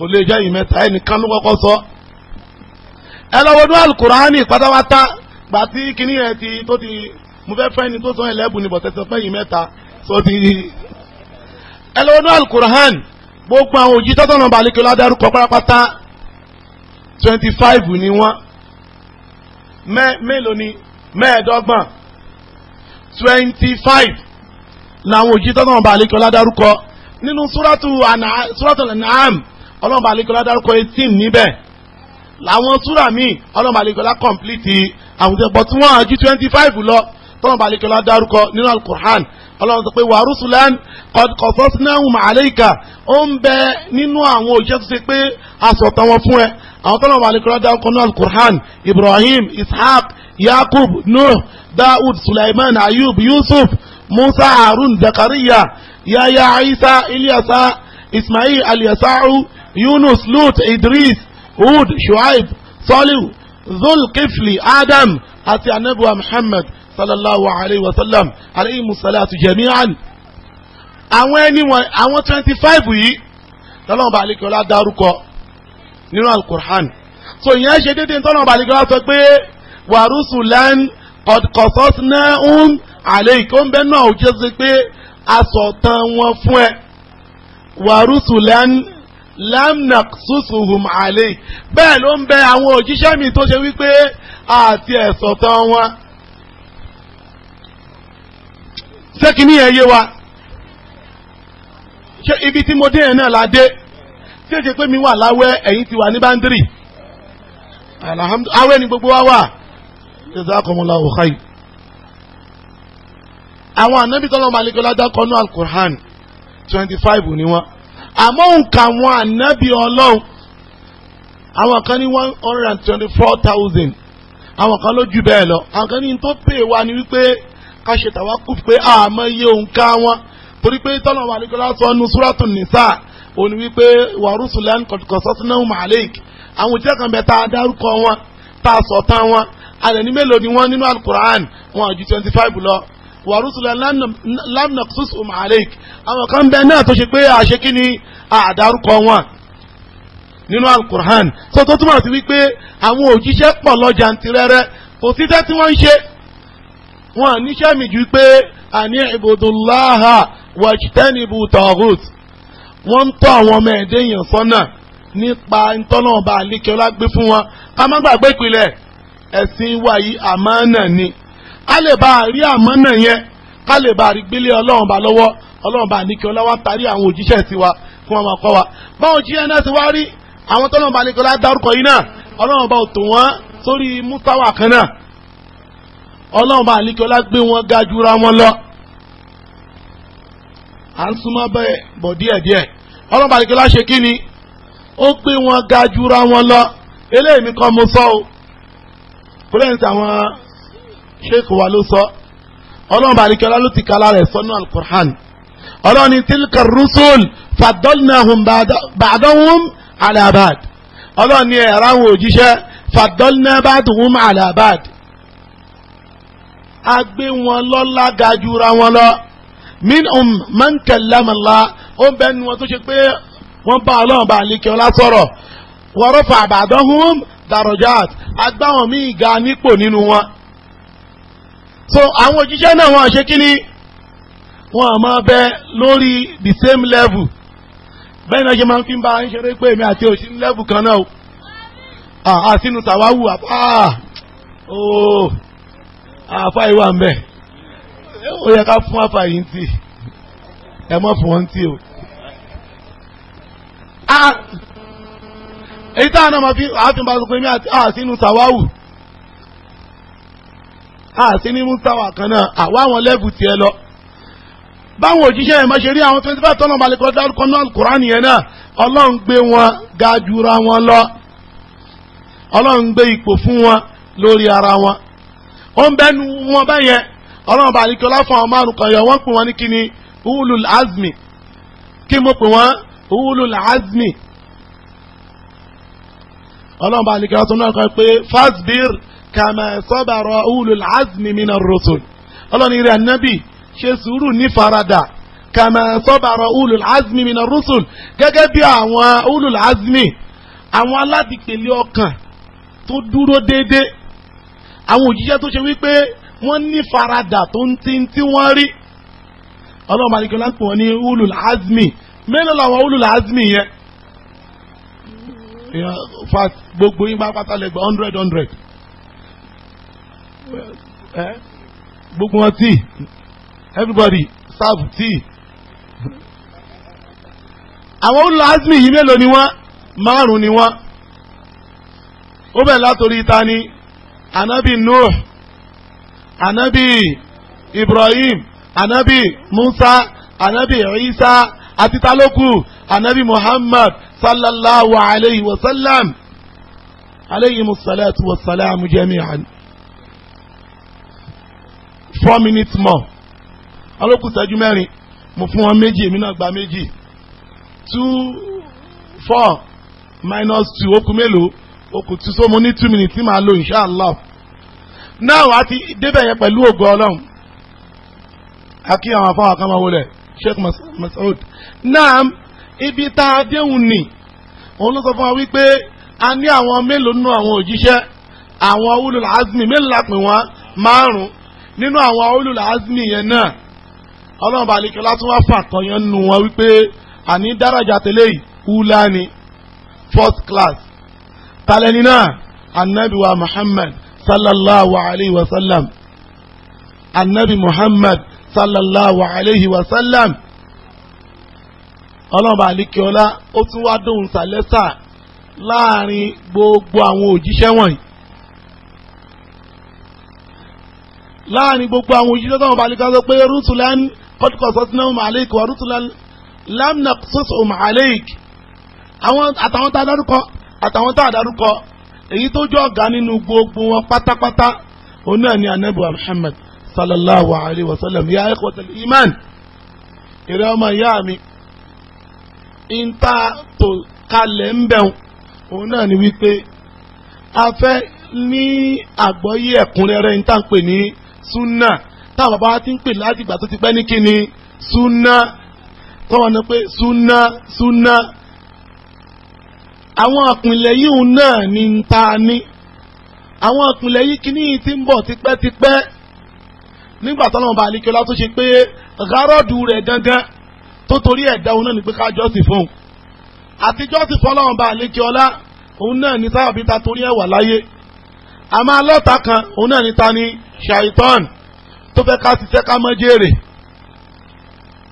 kò lè jẹ́ ìmẹ́ta ẹnìkan ló kọ́kọ́ sọ. ẹ lọ́wọ́ ní alukurani pátápátá gbà tí kinní yẹn ti tó ti mo fẹ́ fẹ́ ni tó sọ ẹlẹ́bùn ni bọ̀tẹ́ sọ fẹ́ ìmẹ́ta sọ ti. ẹ lọ́wọ́ ní alukurani gbogbo àwọn òjì tọ́tọ̀nà balẹ̀kẹ́ ládàrúkọ pátápátá twenty five ni wọ́n mélòó ni mẹ́ẹ̀ẹ́dọ́gbọ̀n twenty five làwọn òjì tọ́tọ̀nà balẹ̀kẹ́ ládàrúkọ nínú súrátù àná súrátù ànàm ọlọ́run balẹ̀kọ́lá dárúkọ eighteen níbẹ̀ làwọn súrà míì ọlọ́run balẹ̀kọ́lá kọ̀m̀plìtì àwùjọ bọ̀ tí wọ́n ju twenty five lọ tọ́lọ́run balẹ̀kọ́lá dárúkọ nínú alukur'an ọlọ́run sọ pé wà rúṣùlán kọ̀sọ́sínàhùn màálẹ́ìkà ó ń bẹ nínú àwọn òṣìṣẹ́ tó ṣe pé àsọ̀tàn wọn fún ẹ àwọn tọ́lọ́run balẹ̀kọ́lá dárúkọ nínú alukur'an ibrahim ishaq yakub nuh daud sulaiman ayub yusuf musa harun zakariya yaya isa ilyasa ismail aliyasau Yunus Lut Idris Hud Shuaib Salihu Zulkifli Adam àti anabuwa Muhammad sallallahu alayhi wa sallam alayhi musalatu jami'an. àwọn ẹni wọn àwọn twenty five yìí lọ́lọ́mọba àlekèọ́lá dárúkọ nínú alukur'an so ìyẹn ṣe déédéé tọ́lọ́mọba àlekèọ́lá sọ pé wàrúsùlán kọ̀sọ́sínẹ́hún àlẹ́ ìkó ń bẹ́ náà ó jẹ́ sí pé asọ̀tàn wọn fún ẹ wàrúsùlán lamnak susuhum alay bẹ́ẹ̀ ló ń bẹ àwọn òjíṣẹ́ mi tó ṣe wípé àti ẹ̀sọ̀ tán wọn. ṣé kìíní yẹn yé wa ṣé ibi tí mo dé yẹn náà la dé tí èsì pé mi wà láwẹ́ ẹ̀yìn ti wà ní báńdírì awẹ́ ni gbogbo wa wà jazakumullahu khair àwọn ànábì tọ́lọ́mọ alẹ́kọ̀ọ́ ládàkọ́nú alukur'an twenty five ni wọ́n àmọ́ nǹkan àwọn ànábì ọlọ́run àwọn kan ní one hundred and twenty-four thousand àwọn kan ló jù bẹ́ẹ̀ lọ àwọn kan ní tó pè wá ni wípé ká ṣe tàwa kú pé àmọ́ iye òǹkà wọn torí pé tọ́lọ̀ wà nígbà sọ nu súrátù nìsà òní wípé wàrúsùlán kọ̀sọ́sínà màálík àwọn òjẹ́ kan bẹ tá a dárúkọ wọn tá a sọ̀tàn wọn àlẹ́ ní mélòó ni wọ́n nínú alukur'an wọn àjù twenty-five lọ wà rúṣùlẹ̀ lamna susum aleik àwọn kan bẹ náà tó ṣe pé àṣekí ni àdárúkọ wọn nínú alukur'an tó tó túmọ̀ sí wípé àwọn òjíṣẹ́ pọ̀ lọ́jà ń tirẹ́rẹ́ kò sí tí wọ́n ń ṣe wọn níṣẹ́ mi ju pé àní ibùdókòláhà wàjítẹ́nìbù tọ̀hùt wọ́n ń tọ́ àwọn ọmọ ẹ̀dẹ́ èèyàn sọ́nà nípa ìtọ́nà ọba àlékè ọlágbé fún wọn ká má gbàgbé ìpìlẹ̀ ẹ̀sìn wa àmánà ni ká lè bá a rí àmọ́nà yẹn ká lè bá a rí gbélé ọlọ́run bá lọ́wọ́ ọlọ́run bá ní kí ọlọ́wà tarí àwọn òjíṣẹ́ tiwa fún ọmọ ọkọ wa báwọn òjíṣẹ́ náà ti wá rí àwọn tọ́lọ́run bá ní kí ọlá dárúkọ yìí náà ọlọ́run bá tò wọ́n sórí mútáwà kan náà ọlọ́run bá ní kí ọlá gbé wọn ga jura wọn lọ à ń súnmọ́ bẹ́ẹ̀ bọ̀ díẹ̀díẹ̀ ọlọ́run bá ní kí sheikh wa ló sọ ọlọ́run balikẹ́lá ló ti kala rẹ̀ sọ́nù alukur'an ọlọ́run ní tilka rusul fadolnahum ba'dahum ala ba'd ọlọ́run ní ẹ̀rọ àwọn òjíṣẹ́ fadolna ba'dahum ala ba'd a gbé wọn lọ́lá gajura wọn lọ minhum man kallama Allah ó bẹ́ẹ̀ ni wọn tó ṣe pé wọ́n bá ọlọ́run balikẹ́lá sọ̀rọ̀ wọ́n rọ́fà ba'dahum darajat agbáwọn míì ga nípò nínú wọn so àwọn òjíṣẹ́ náà wọ́n ṣe kí ni wọ́n á máa bẹ lórí the same level bẹ́ẹ̀ náà ṣe máa ń fi ń bá ń ṣeré pé èmi àti òsín level kan náà o àsínú tàwáwù àpá ooo àfa ìwà ń bẹ ó yẹ ká fún àfa yìí ń tì ẹ mọ̀ fún wọn ń tì o èyí táwọn náà máa fi àfihàn bá sọ pé èmi àti àsínú tàwáwù àti ní mustawa kan náà àwa àwọn lẹ́bù tiẹ̀ lọ. báwọn òjíṣẹ́ yẹn máa ṣe rí àwọn twenty five tọ́nà balẹ̀kọ́ dárúkọ náà kúránì yẹn náà ọlọ́run gbé wọn ga jura wọn lọ ọlọ́run gbé ipò fún wọn lórí ara wọn. ó ń bẹ́nu wọn bẹ́yẹn ọlọ́run balẹ̀kọ́ láfọ̀ àwọn márùn kan yọ wọ́n pè wọ́n ní kíni ulul azmi kí mo pè wọ́n ulul azmi ọlọ́run balẹ̀kọ́ tó náà kọ́ pé fasbir kàmá sabara ulul azmi minar rusul ọlọ́ni rẹ̀ ànábì ṣe sùúrù ní farada kàmá sabara ulul azmi minar rusul gẹ́gẹ́ bí àwọn ulul azmi àwọn aládìpẹ̀lẹ̀ ọkàn tó dúró déédéé àwọn òjíṣẹ́ tó ṣe wípé wọ́n ní farada tó ń tí ń tí wọ́n rí ọlọ́run àdìgbò lápò wọn ní ulul azmi mélòó làwọn ulul azmi yẹn gbogbo yín bá pátá lẹ́gbẹ̀ẹ́ hundred hundred ẹ eh? gbogbo wọn tea everybody serve tea. àwọn olùlọ azmi yìí mélòó ni wọ́n márùn ni wọ́n ó bẹ̀ látòrí ta ni anabi nuh anabi ibrahim anabi musa anabi isa àti taloku anabi muhammad sallallahu alayhi wa sallam alayhi musalatu wa salamu jami'an four minutes more alókù ìṣẹ́jú mẹ́rin mo fún wọn méjì èmi náà gba méjì two four minus two ó kù mélòó ó two so mo ní two minutes tí màá lò inshallah now àti débẹ̀ yẹn pẹ̀lú ògo ọlọ́run àkí àwọn afáwọn kan máa wọlé Sheikh Masoud náà ibi tá a déhùn ni òun ló sọ fún wa wípé a ní àwọn mélòó nínú àwọn òjíṣẹ́ àwọn ulul azmi mélòó la pè wọ́n márùn-ún nínú àwọn olùlàázmì yẹn náà ọlọ́run bá àlekè látún wá fàtọ̀yàn nù wọn wípé àní dáràjà tẹ́lẹ̀ yìí kúlá ni first class talẹ́ni náà anabi wa muhammad sallallahu alayhi wa sallam anabi muhammad sallallahu alayhi wa sallam ọlọ́run bá àlekè ọlá ó tún wá dóhùn sàlẹ́sà láàrin gbogbo àwọn òjíṣẹ́ wọ̀nyí. láàrin gbogbo àwọn òṣìṣẹ́ tó wọn bá alika sọ pé rusulan qad qasasnahum alayka wa rusulan lam naqsushum alayk àwọn àtàwọn tá a dárúkọ àtàwọn tá a dárúkọ èyí tó jẹ́ ọ̀gá nínú gbogbo wọn pátápátá òun náà ni anabu Muhammad sallallahu alayhi wa sallam ya ikhwatal iman èrè ọmọ ìyá mi ń tó kalẹ̀ ń bẹ̀rù òun náà ni wípé a fẹ́ ní àgbọ́yé ẹ̀kúnrẹ́rẹ́ ń ń pè ní súnà táwọn bàbá wa ti ń pè láti ìgbà tó ti pẹ́ ní kíni súnà tọ́wọ́n ní pé súnà súnà àwọn àpìnlẹ̀ yìí náà ni ń ta ni àwọn àpìnlẹ̀ yìí kíní yìí ti ń bọ̀ tipẹ́tipẹ́ nígbà tọ́lọ́mọ bá alikiola tó ṣe pé gárọ́ọ̀dù rẹ̀ gangan tó torí ẹ̀dá òun náà ní pé ká jọ́sìn fún un àti jọ́sìn fún ọlọ́mọ bá alikiola òun náà ní sábàbí ta torí ẹ̀wà láyé àmọ́ alọ́ta kan òun náà níta ní ṣàìtọ́n tó fẹ́ ká ṣiṣẹ́ ká mọ́ jèrè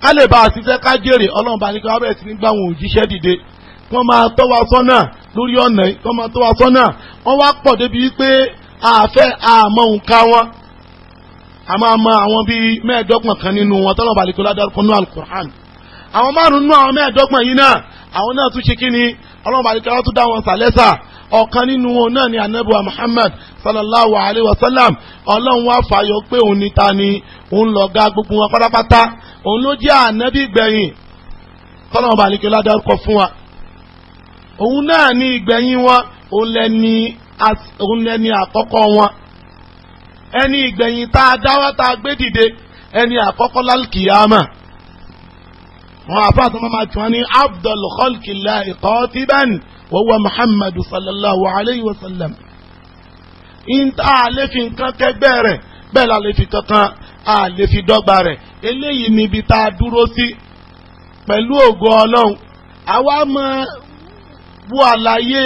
ká lè bá a ṣiṣẹ́ ká jèrè ọlọ́run bá ní kí wọ́n bẹ̀rẹ̀ sí ní gbà wọn òjíṣẹ́ dìde kí wọ́n máa tọ́ wa sọ́nà lórí ọ̀nà yìí kí wọ́n máa tọ́ wa sọ́nà wọ́n wá pọ̀ débi wípé àfẹ́ àmọ́ òǹkà wọn àmọ́ àmọ́ àwọn bíi mẹ́ẹ̀ẹ́dọ́gbọ̀n kan nínú wọn tọ́lọ́ bá lẹ́kọ́ kí ni ọlọ́run bá lẹ́kọ́ ọ̀kan nínú wọn náà ni anabiwa Muhammad sallallahu alayhi wa sallam ọlọ́run wá fàyọ pé òun ni ta ni òun lọ̀gá gbogbo wọn pátápátá òun ló jẹ́ ànábì gbẹ̀yìn kọ́lọ́mù balẹ̀kẹ́ ládàkọ̀ fún wa òun náà ni ìgbẹ̀yìn wọn òun lẹni àkọ́kọ́ wọn ẹni ìgbẹ̀yìn tá a dáwà tá a gbé dìde ẹni àkọ́kọ́ lálùkìyàmà wọn àfàtàn máa tún wọn ní abdul khalqillah qatiban wọ́wọ́ Muhammad sallallahu alayhi wa sallam ìta àlefi nǹkan kẹgbẹ́ rẹ̀ bẹ́ẹ̀ la lè fi kankan àlefi dọ́gba rẹ̀ eléyìí níbi tá a dúró sí pẹ̀lú ògo ọlọ́run àwa máa wo àlàyé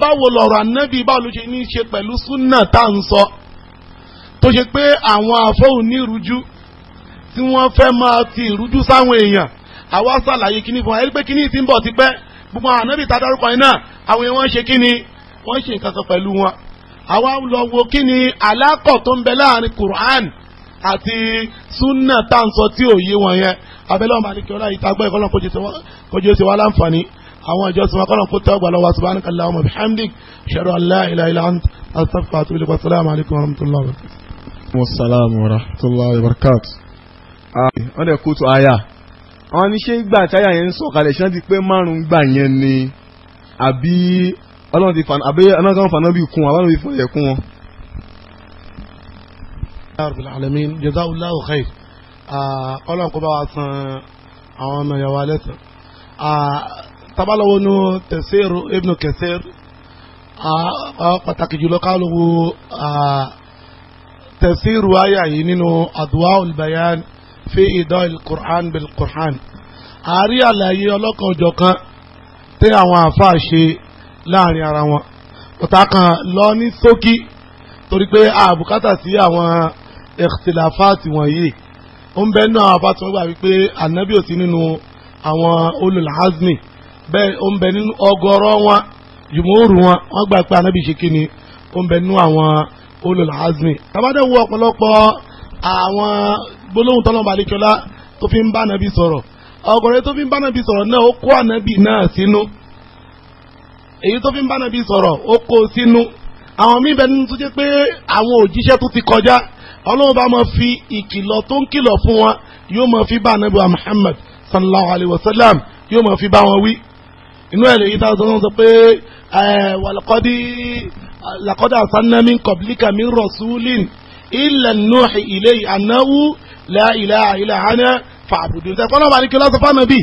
báwo lọ̀rọ̀ ànábì báwo ló ṣe ní í ṣe pẹ̀lú súnà tá à ń sọ tó ṣe pé àwọn àfọ́hùn ní ìrújú tí wọ́n fẹ́ máa ti ìrújú sáwọn èèyàn àwa ṣàlàyé kíní fún wa ẹni pé kíní ti ń bọ̀ tipẹ́ gbogbo àwọn ànábì tá dárúkọ yẹn náà àwọn yẹn wọ́n ṣe kí ni wọ́n ṣe nǹkan kan pẹ̀lú wọn. àwa lọ wo kí ni alákọ̀ tó ń bẹ láàrin Qur'an àti sunna tá n sọ tí ò yé wọn yẹn abẹ́lẹ́ ọmọ àdìkẹ́ ọlá yìí tá a gbọ́ ìkọ́lọ́ kojú sí wa láǹfààní àwọn ìjọ sinmi akọ́lọ́ kó tẹ́ ọgbà lọ́wọ́ wa atubu ilaik wa salaamu alaykum wa àwọn ní ṣé ìgbà táyà yẹn ń sọ̀kalẹ̀ ṣé wọ́n ti pé márùn-ún gbà yẹn ni àbí ọlọ́run ti fana àbí ọlọ́run kan fana bí kun àbí ọlọ́run ti fọyẹ̀ kún wọn. rabbil alamin jazakallahu khair ọlọ́run kó bá wa san àwọn ọmọ ìyàwó alẹ́ tán tabalawo nu tafsir ibnu kathir pàtàkì jùlọ káàlù tafsir wáyà yìí nínú adwaul bayan fi ìdán il-Qur'an bil-Qur'an àárí àlàyé ọlọ́kan òjọ̀kan tí àwọn àáfàá ṣe láàrin ara wọn ọ̀tá kan lọ ní ṣókí torí pé àbùkátà sí àwọn ikhtilafaati wọ̀nyí ó ń bẹ́ẹ̀ náà àbá tí wọ́n gbà wípé ànábì nínú àwọn ulul bẹ́ẹ̀ ó ń bẹ nínú ọgọ́rọ́ wọn jùmọ̀ọ́rù wọn wọ́n gbà pé ànábì ṣe kí ni ó ń bẹ nínú àwọn ulul azmi. ọ̀pọ̀lọpọ̀ àwọn gbólóhùn tọ́lọ́mọba adékọ́lá tó fi ń bá ànábì sọ̀rọ̀ ọkùnrin tó fi ń bá ànábì sọ̀rọ̀ náà ó kó ànábì náà sínú èyí tó fi ń bá ànábì sọ̀rọ̀ ó kó sínú àwọn míì bẹ́ẹ̀ tó jẹ́ pé àwọn òjíṣẹ́ tó ti kọjá ọlọ́run bá máa fi ìkìlọ̀ tó ń kìlọ̀ fún wọn yóò máa fi bá ànábì wa Muhammad sallallahu alayhi wa sallam yóò máa fi bá wọn wí inú ẹ̀ lèyí tá a sọ sọ pé wàlúkọ́dí làkọ́dà min qablika min rasulin illa nuhi ilayhi annahu la ilaha illa ana fa'budu ṣe fọlọ́n bá ní kí lọ́sọ̀ fáwọn bíi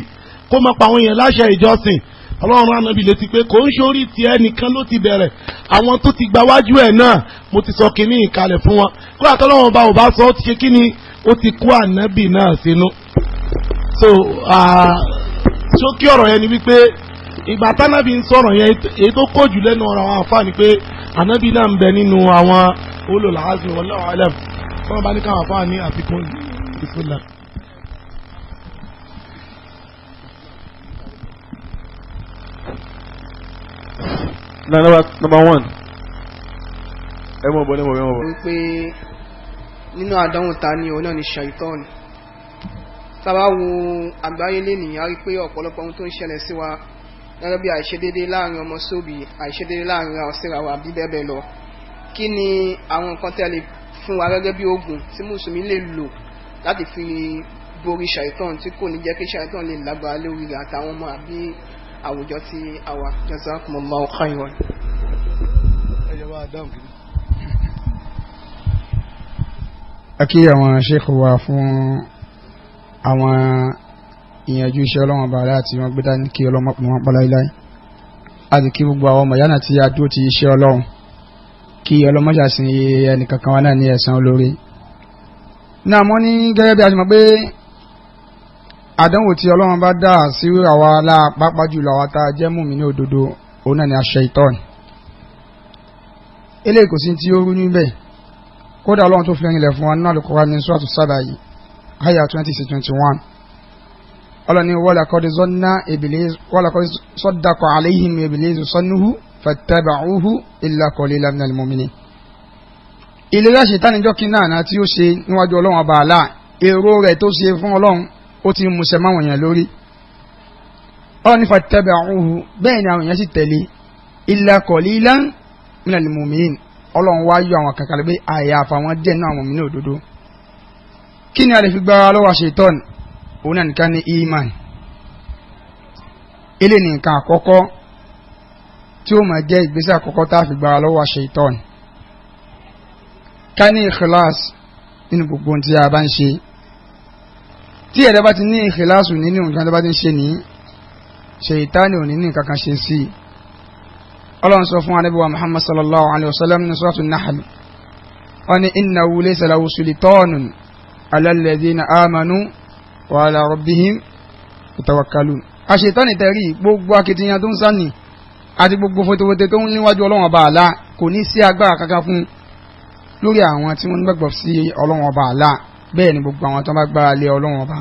kó máa pa àwọn èèyàn láṣẹ ìjọsìn ọlọ́run ànábì létí pé kò ń sórí tiẹ̀ nìkan ló ti bẹ̀rẹ̀ àwọn tó ti gba wájú ẹ̀ náà mo ti sọ kínní ìkalẹ̀ fún wọn kó àtọ́lọ́wọ́n bá ò bá sọ ó ti ṣe kínní ó ti kó ànábì náà sínú. so ṣókí ọ̀rọ̀ yẹn ni wípé ìgbà tánábì ń sọ̀rọ̀ yẹn èyí tó kó jù lẹ́nu ọ̀rọ̀ àwọn àfáà pé ànábì náà ń bẹ nínú àwọn olùlàázùn ọlọ́wọ́ ẹlẹ́m tí people are na number one ẹ mọ̀ bọ̀ ẹ mọ̀ nínú àdánwò ta ni òun náà ni ṣàìtọ́n sábà àgbáyé lénìí a rí pé ọ̀pọ̀lọpọ̀ ohun tó ń ṣẹlẹ̀ sí wa gẹ́gẹ́ bí àìṣedédé láàrin ọmọ sóbì àìṣedédé láàrin ọ̀sẹ̀ra wa bí bẹ́ẹ̀ lọ kí ni àwọn nǹkan tẹ́lẹ̀ fún wa gẹ́gẹ́ bí oògùn tí mùsùlùmí lè lò láti fi borí ṣàìtàn tí kò ní jẹ́ kí ṣàìtàn lè lágbára lórí rẹ̀ àtàwọn ọmọ àbí àwùjọ tí a wà jazakumullahu khairan. akí àwọn ṣéèkù wa fún àwọn ìyànjú iṣẹ́ ọlọ́wọ́n bàálà àti wọn gbé dání kí ọlọ́mọ pọ̀ wọn pọ̀ láíláí àti kí gbogbo àwọn ọmọ yánà tí a dúró ti iṣẹ́ ọlọ́run kí ọlọ́mọṣàsìn ẹnìkankan wa náà ní ẹ̀san olórí náà mo ní gẹ́gẹ́ bí a ti mọ̀ pé àdánwò tí ọlọ́run bá dá sí àwa lápapá jùlọ àwa tá a jẹ́ mú mi ní òdodo òun náà ni aṣọ ìtọ́ni eléyìí kò sí tí ó rú níbẹ̀ kódà ọlọ́run tó fi ẹ̀yìn lẹ̀ fún wa náà lè kọ́ra ní sọ́ọ̀tù sábà yìí àyà twenty sí twenty one ọlọ́ni wọ́lá kọ́dé sọ́nà ìbìlẹ́sù wọ́lá kọ́dé sọ́dàkọ̀ àléhìn ìbìlẹ́sù sọ́nùhù fẹ́tẹ́bàáhù ìlàkọ̀ọ́lẹ́lá mìíràn mọ́mìnì ìlera ṣètánijọ́ kí náà náà tí ó ṣe níwájú ọlọ́run ọba àlá èrò rẹ̀ tó ṣe fún ọlọ́run ó ti musẹ̀ máwọn èèyàn lórí ọlọ́run nífa tẹ́bẹ̀ ọ̀hún bẹ́ẹ̀ ni àwọn èèyàn sì tẹ̀lé illa qalilan minal mu'minin ọlọ́run wá yọ àwọn kankan pé àyàfà àwọn díẹ̀ náà àwọn mìíràn òdodo kí ni a lè fi gbára lọ́wọ́ ṣètọ́n òun náà nìkan ní iman ilé nìkan àkọ́kọ́ tí ó máa jẹ́ ìgbésẹ̀ àkọ́kọ́ tá a fi gbára lọ́wọ́ ṣètọ́n ká ní ìkìláàsì nínú gbogbo ohun tí a bá ń ṣe tí ẹ̀rẹ́ bá ti ní ìkìláàsì nínú nǹkan tó bá ti ń ṣe nìyí ṣèyítánì òní ní nǹkan kan ṣe sí i ọlọ́run sọ fún anábíwá muhammad sallallahu alayhi wa sallam ní sọ́ọ̀tù nahal wọn ni innahu laysa lahu sultanun ala alladhina amanu wa ala rabbihim yatawakkalun àṣetánì tẹ̀rí gbogbo akitiyan tó ń sánni àti gbogbo fotofote tó ń níwájú ọlọ́run ọba àlá kò ní sí agbára kankan fún un lórí àwọn tí wọ́n gbàgbọ́ sí ọlọ́wọ́n ọba àlá bẹ́ẹ̀ ni gbogbo àwọn tó bá gbára lé ọlọ́wọ́n ọba.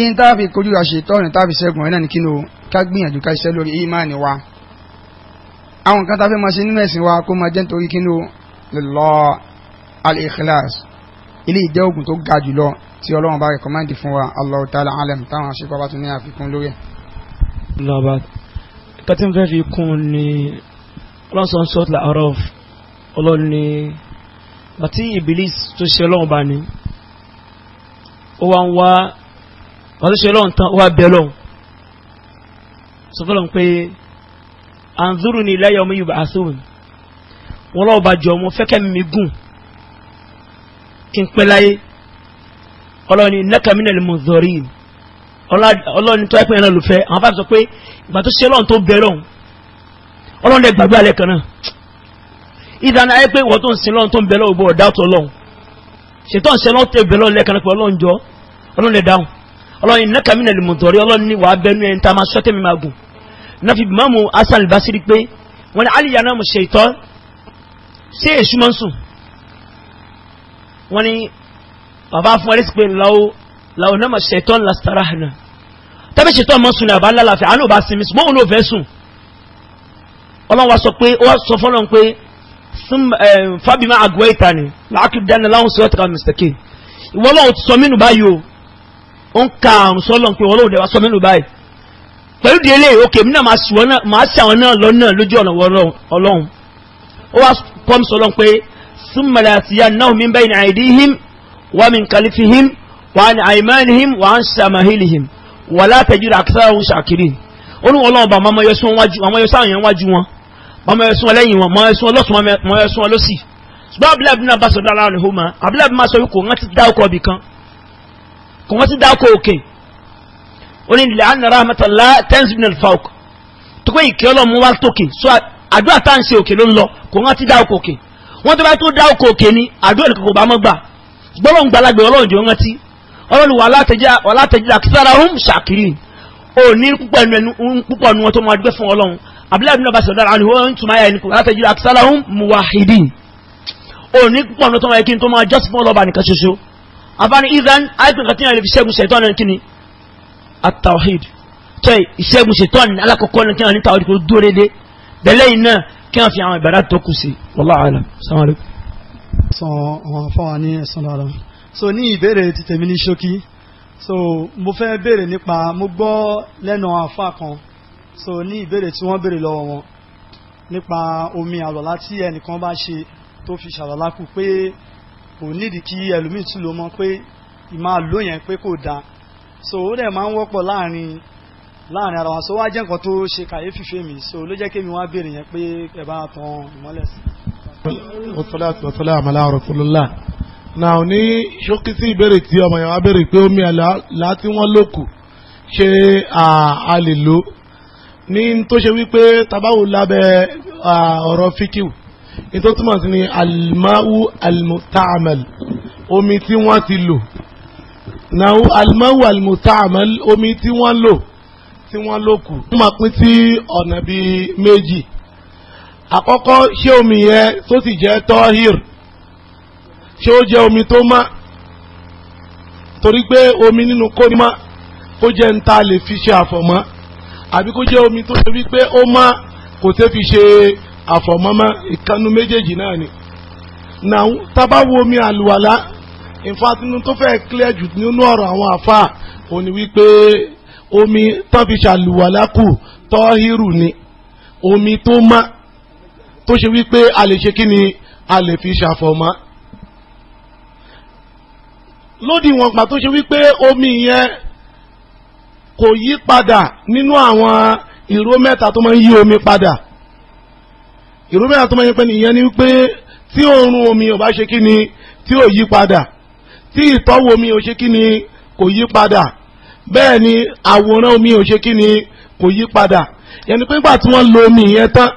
ìyẹn tá a fi kojú ra ṣètò ọ̀rìn tá a fi ṣẹ́gun rẹ̀ náà ní kí ni ká gbìyànjú ká ṣiṣẹ́ lórí ìmáàní wa. àwọn kan tá a fẹ́ máa ṣe nínú ẹ̀sìn wa kó máa jẹ́ nítorí kí ni o lọ al-ikhlas ilé ìjẹ́ ogun tó ga jùlọ tí ọlọ́wọ́n bá rẹ̀kọ́máǹdì fún wa Allahu ta'ala alam táwọn aṣípa ọlọ́run ni bàtí ibilis tó ṣe ọlọ́run bá ní ó wá ń wá bàtí ṣe ọlọ́run tán ó wá bẹ lọ́run sọ fọlọ́n pé àǹzúrù ni iláyà ọmọ yorùbá àṣùwìn wọn lọ́wọ́ bá jọ ọmọ fẹ́kẹ́ mi gùn kí n pẹ́ láyé ọlọ́run ni nàkàmínà lè mọ̀ zọ̀rí ọlọ́run tó ẹ̀pẹ́ yẹn náà lò fẹ́ àwọn bá sọ pé ìgbà tó ṣe ọlọ́run tó bẹ lọ́run ọlọ́run dẹ̀ gbàgbé alẹ́ kan náà ìdáná ayé pé wọ́n tó ń sin lọ́n tó ń bẹ̀lọ́ ògbó ọ̀dá tó lọ́n ṣètọ́ ṣe lọ́n tẹ̀ bẹ̀lọ́ lẹ́kan pé ọlọ́run jọ ọlọ́run lè dáhùn ọlọ́run iná kàmínà lè mọ̀tọ́rí ọlọ́run ní wàá bẹnu ẹni tá a máa sọ tẹ̀mí máa gùn náà fi mọ́mú asan basiri pé wọ́n ní aliyan náà mo ṣe ìtọ́ ṣé èṣù máa ń sùn wọ́n ní bàbá fún ẹlẹ́sìn pé làwọn náà mo ṣe ìtọ́ wa sọ pé fábímá àgọ́ ìta ni láàkìdánilá láwọn sọ́ọ́ tẹ̀ka mistake ìwọ lọ́wọ́ ti sọ mí nù báyìí o ó ń ka àrùn sọ́lọ̀ pé ìwọ lọ́wọ́ dẹ̀ wá sọ mí nù báyìí pẹ̀lú di eléyìí òkè mí náà máa ṣe àwọn náà lọ́nà lójú ọ̀nà ọlọ́run ó wá kọ́ mi sọ́lọ́ pé súnmọ̀lá àti ya náà mi bẹ́ẹ̀ ní àìdíhìm wà mí kàlífìhìm wà ní àìmánihìm wà ń ṣàmàhìlìhìm wà látẹ̀jú rà kí sáà ń ṣàkiri ó ní wọn lọ́wọ́ àwọn ọmọ yọ sáwọn wájú wọn ọmọ ẹ̀sùn ọlẹ́yìn wọn mọ ẹ̀sùn ọlọ́sùn mọ ẹ̀sùn ọlọ́sì ṣùgbọ́n abúlé abúlé bá sọ̀dọ̀ aláwọ̀ lẹ́hó ma abúlé abúlé sọ kò wọ́n ti dá ọkọ̀ ibì kan kò wọ́n ti dá ọkọ̀ òkè ó ní ilẹ̀ àná rahmatulá tens bin alfauk tó pé ìkẹ́ ọlọ́mú wá tókè so àdúrà tá à ń ṣe òkè ló ń lọ kò wọ́n ti dá ọkọ̀ òkè wọ́n tó bá tó dá ọkọ̀ òkè ni àdúrà ní kòkò bá mọ́ gbà gbọ́dọ̀ ń gbalagbè ọlọ́run jẹ́ hum ṣàkiri ò ní púpọ̀ nu wọn tó máa dúpẹ́ fún abúlé àbúlé ọba sọ̀dára ni wọ́n ń túnmọ̀ ayé ẹnìkan látẹ̀jú àkísàláhùn muwahidin ò ní pọ̀nà tó máa kí n idan àìpín kan tí yàrá fi ṣẹ́gun ṣètọ́ ní kíni atawhid tó ìṣẹ́gun ṣètọ́ ní alákọ̀ọ́kọ́ ní kíni tawhid kò dúró dédé bẹ̀lẹ́ yìí náà kí wọ́n fi àwọn ìbàdà tó kù so ti tèmi ní so mo fẹ́ béèrè nípa mo gbọ́ lẹ́nu àfa kan so ní ìbéèrè tí wọ́n béèrè lọ́wọ́ wọn nípa omi àlọ́lá tí ẹnìkan bá ṣe tó fi ṣàlọ́lá kù pé kò nídìí kí ẹlòmíì tún lò mọ́ pé ìmáa lò yẹn pé kò dáa so ó dẹ̀ máa ń wọ́pọ̀ láàrin láàrin ara wa so wá jẹ́ nǹkan tó ṣe kàyéfì fèmí so ló jẹ́ kémi wá béèrè yẹn pé ẹ bá tan ìmọ́lẹ̀ sí. wasalaatu wasalaamu ala rasulillah náà ní ṣókí sí ìbéèrè tí ọmọ yẹn wá béèrè pé omi àlá tí wọ́n lò ṣé a lè lò ní tó ṣe wípé tabawo lábẹ́ ọ̀rọ̀ fikiu ní tó túmọ̀ sí ni almau almutaamal omi tí wọ́n ti lò náà almau almutaamal omi tí wọ́n lò tí wọ́n lò kù. wọ́n máa pín sí ọ̀nà bíi méjì àkọ́kọ́ ṣé omi yẹn tó sì jẹ́ tọ́hìr ṣé ó jẹ́ omi tó má torí pé omi nínú kó má kó jẹ́ ń ta lè fi ṣe àfọ̀mọ́ àbí kó jẹ́ omi tó ṣe wípé ó má kò tẹ́ fi ṣe àfọ̀mọ́mọ́ ìkanu méjèèjì náà ni. náà tábà wo omi àlùwàlá ìfatinú tó fẹ́ clear jù nínú ọ̀rọ̀ àwọn àfáà òun wípé omi tó fi ṣàlùwàlá kù tọ́hírù ni omi tó má tó ṣe wípé a lè ṣe kí ni a lè fi ṣàfọ̀mọ́ lódì wọn gbà tó ṣe wípé omi yẹn kò yí padà nínú àwọn ìró mẹ́ta tó máa ń yí omi padà ìró mẹ́ta tó máa ń yí pé nìyẹn ni pé tí òórùn omi ò bá ṣe kí ni tí ò yí padà tí ìtọ́wò omi ò ṣe kí ni kò yí padà bẹ́ẹ̀ ni àwòrán omi ò ṣe kí ni kò yí padà yẹn ni pé nígbà tí wọ́n lo omi yẹn tán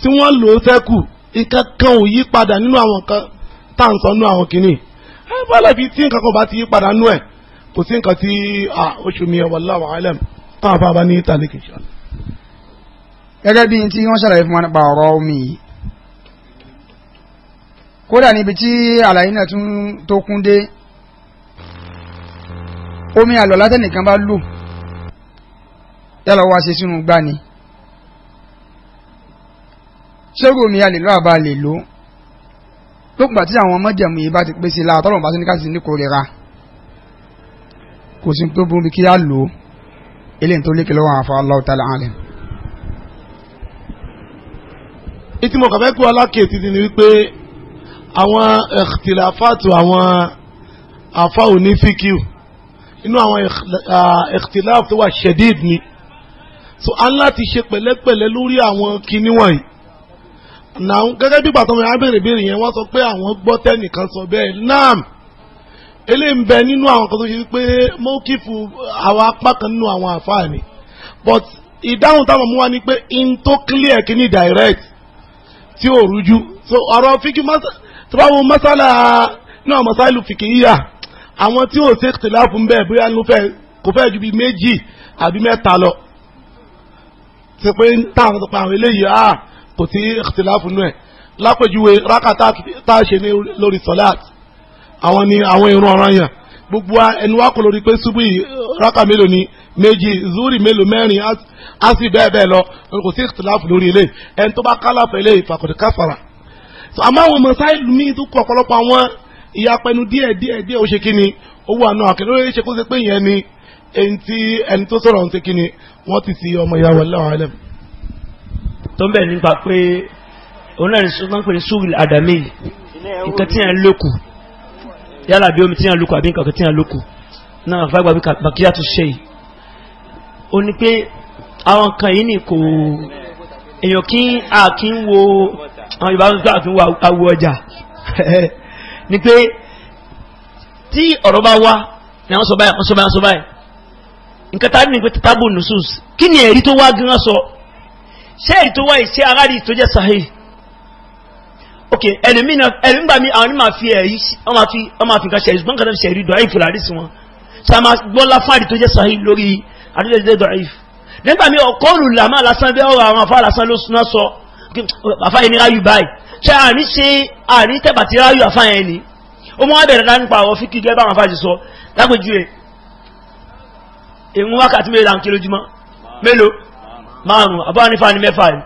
tí wọ́n lò ó sẹ́kù nǹkan kan ò yí padà nínú àwọn kan tá à ń sọ nínú àwọn kìnnì ẹ bọ́lá ibi tí nǹkan kan bá ti yí padà nú ẹ̀ kò sí nǹkan tí oṣù mi ẹ̀ wallahu alam tá a bá bá ní tàbí kìí ṣọlá. gẹ́gẹ́ bí tí wọ́n ṣàlàyé fún wa nípa ọ̀rọ̀ omi yìí kódà níbi tí àlàyé náà tó kún dé omi àlọ́ látẹnìkan bá lò yálà wá ṣe sínú gbá ni ṣẹ́gun omi a lè lọ àbá lè lò lókùnbà tí àwọn ọmọ yìí bá ti pèsè láàtọ́lọ́mù bá ti ní ká sì ní kórìíra kò sí tó burú kí á lò ó eléyìí tó lékè lọ́wọ́ àfa Allahu ta'ala alim. ìtì mọ̀ kàfẹ́ kú alákèétí ni wípé àwọn ẹ̀kìtìláfàtù àwọn àfa òní fíkìú inú àwọn ẹ̀kìtìláfù wà ṣẹ̀díìd ni so a ń láti ṣe pẹ̀lẹ́pẹ̀lẹ́ lórí àwọn kinní wọ̀nyí náà gẹ́gẹ́ bí bàtọ́ mi á béèrè béèrè yẹn wọ́n sọ pé àwọn gbọ́ tẹ́nìkan sọ bẹ́ẹ̀ náà. Ele ń bẹ nínú àwọn kan tó ṣe pé mọ́kìfù àwọn apá kan nínú àwọn àfáàní but ìdáhùn táwọn mú wa ni pé in tó clear kí direct tí ò rújú so ọ̀rọ̀ fíkì tí wọ́n wo mọ́sálà náà mọ́sálù fìkì yíyà àwọn tí ò ṣe tìláàfù ń bẹ bóyá ló fẹ́ kò fẹ́ ju bíi méjì àbí mẹ́ta lọ ti pé táwọn tó pa àwọn eléyìí kò sí tìláàfù nù ẹ̀ lápèjúwe rákàtà tá a ṣe ní lórí sọláàtì àwọn ni àwọn irun ọ̀ràn yàn gbogbo ẹnu wa kò lórí pé ṣubú yìí rákà mélòó ni méjì zúrì mélòó mẹ́rin á sì bẹ́ẹ̀ bẹ́ẹ̀ lọ kò sí ìtìláàfù lórí ilé ẹni tó bá kálàfù ilé ìfàkọ̀dé káfàrà. àmọ́ àwọn ọmọ sáìlú mi tó kọ ọ̀pọ̀lọpọ̀ àwọn ìyapẹnu díẹ̀ díẹ̀ díẹ̀ ó ṣe kí ni owó àna àkẹ́lẹ́ ó ṣe kó ṣe pé ìyẹn ni ẹni tí ẹni tó sọ̀rọ̀ ń ṣe kí ni wọ́n ti ti ọmọ ìyàwó ẹlẹ́wọ̀n ẹlẹ́m. tó ń yálà bí omi tí yàn lóko àbí nǹkan tí yàn lóko náà àfa gbàgbé bàkíyà tó ṣe yìí ó ní pé àwọn kan yìí ni kò èèyàn kí a kí ń wo àwọn yorùbá ń gbà kí ń wo awo ọjà ni pé tí ọ̀rọ̀ bá wá ni àwọn sọ báyìí àwọn sọ báyìí àwọn sọ báyìí nǹkan tá a ní pé tábù nùsùs kí ni ẹ̀rí tó wá gan sọ ṣé ẹ̀rí tó wá yìí aráàlú tó jẹ́ sahih ok ẹlòmí náà ẹlòmí gbà mí àwọn onímọ̀ fi ẹ̀rí ọmọ àfikà ṣẹ̀rí ṣùgbọ́n kan náà ṣẹ̀rí dọ̀ ẹ̀yìn fúlàrí sí wọn sàmà gbọ́lá fáàdì tó jẹ́ sàhí lórí àdúgbò dọ̀ ẹ̀yìn nígbà mí ọkọ̀ olùlàmà lásán bẹ́ẹ̀ ọ̀rọ̀ àwọn afá lásán ló súná sọ àfá yẹn ní ráyù báyìí ṣe àní ṣe àní tẹ̀bà ti ráyù àfá yẹn ni ó mọ́ abẹ̀rẹ̀ dá nípa àwọn fíkì gẹ́gẹ́ báwọn afá ti sọ lápẹjú ẹ̀ ìwọ̀n wákàtí mélòó là ń kí lójúmọ́ mélòó márùn-ún àbọ̀ ànífà ni mẹ́fà yìí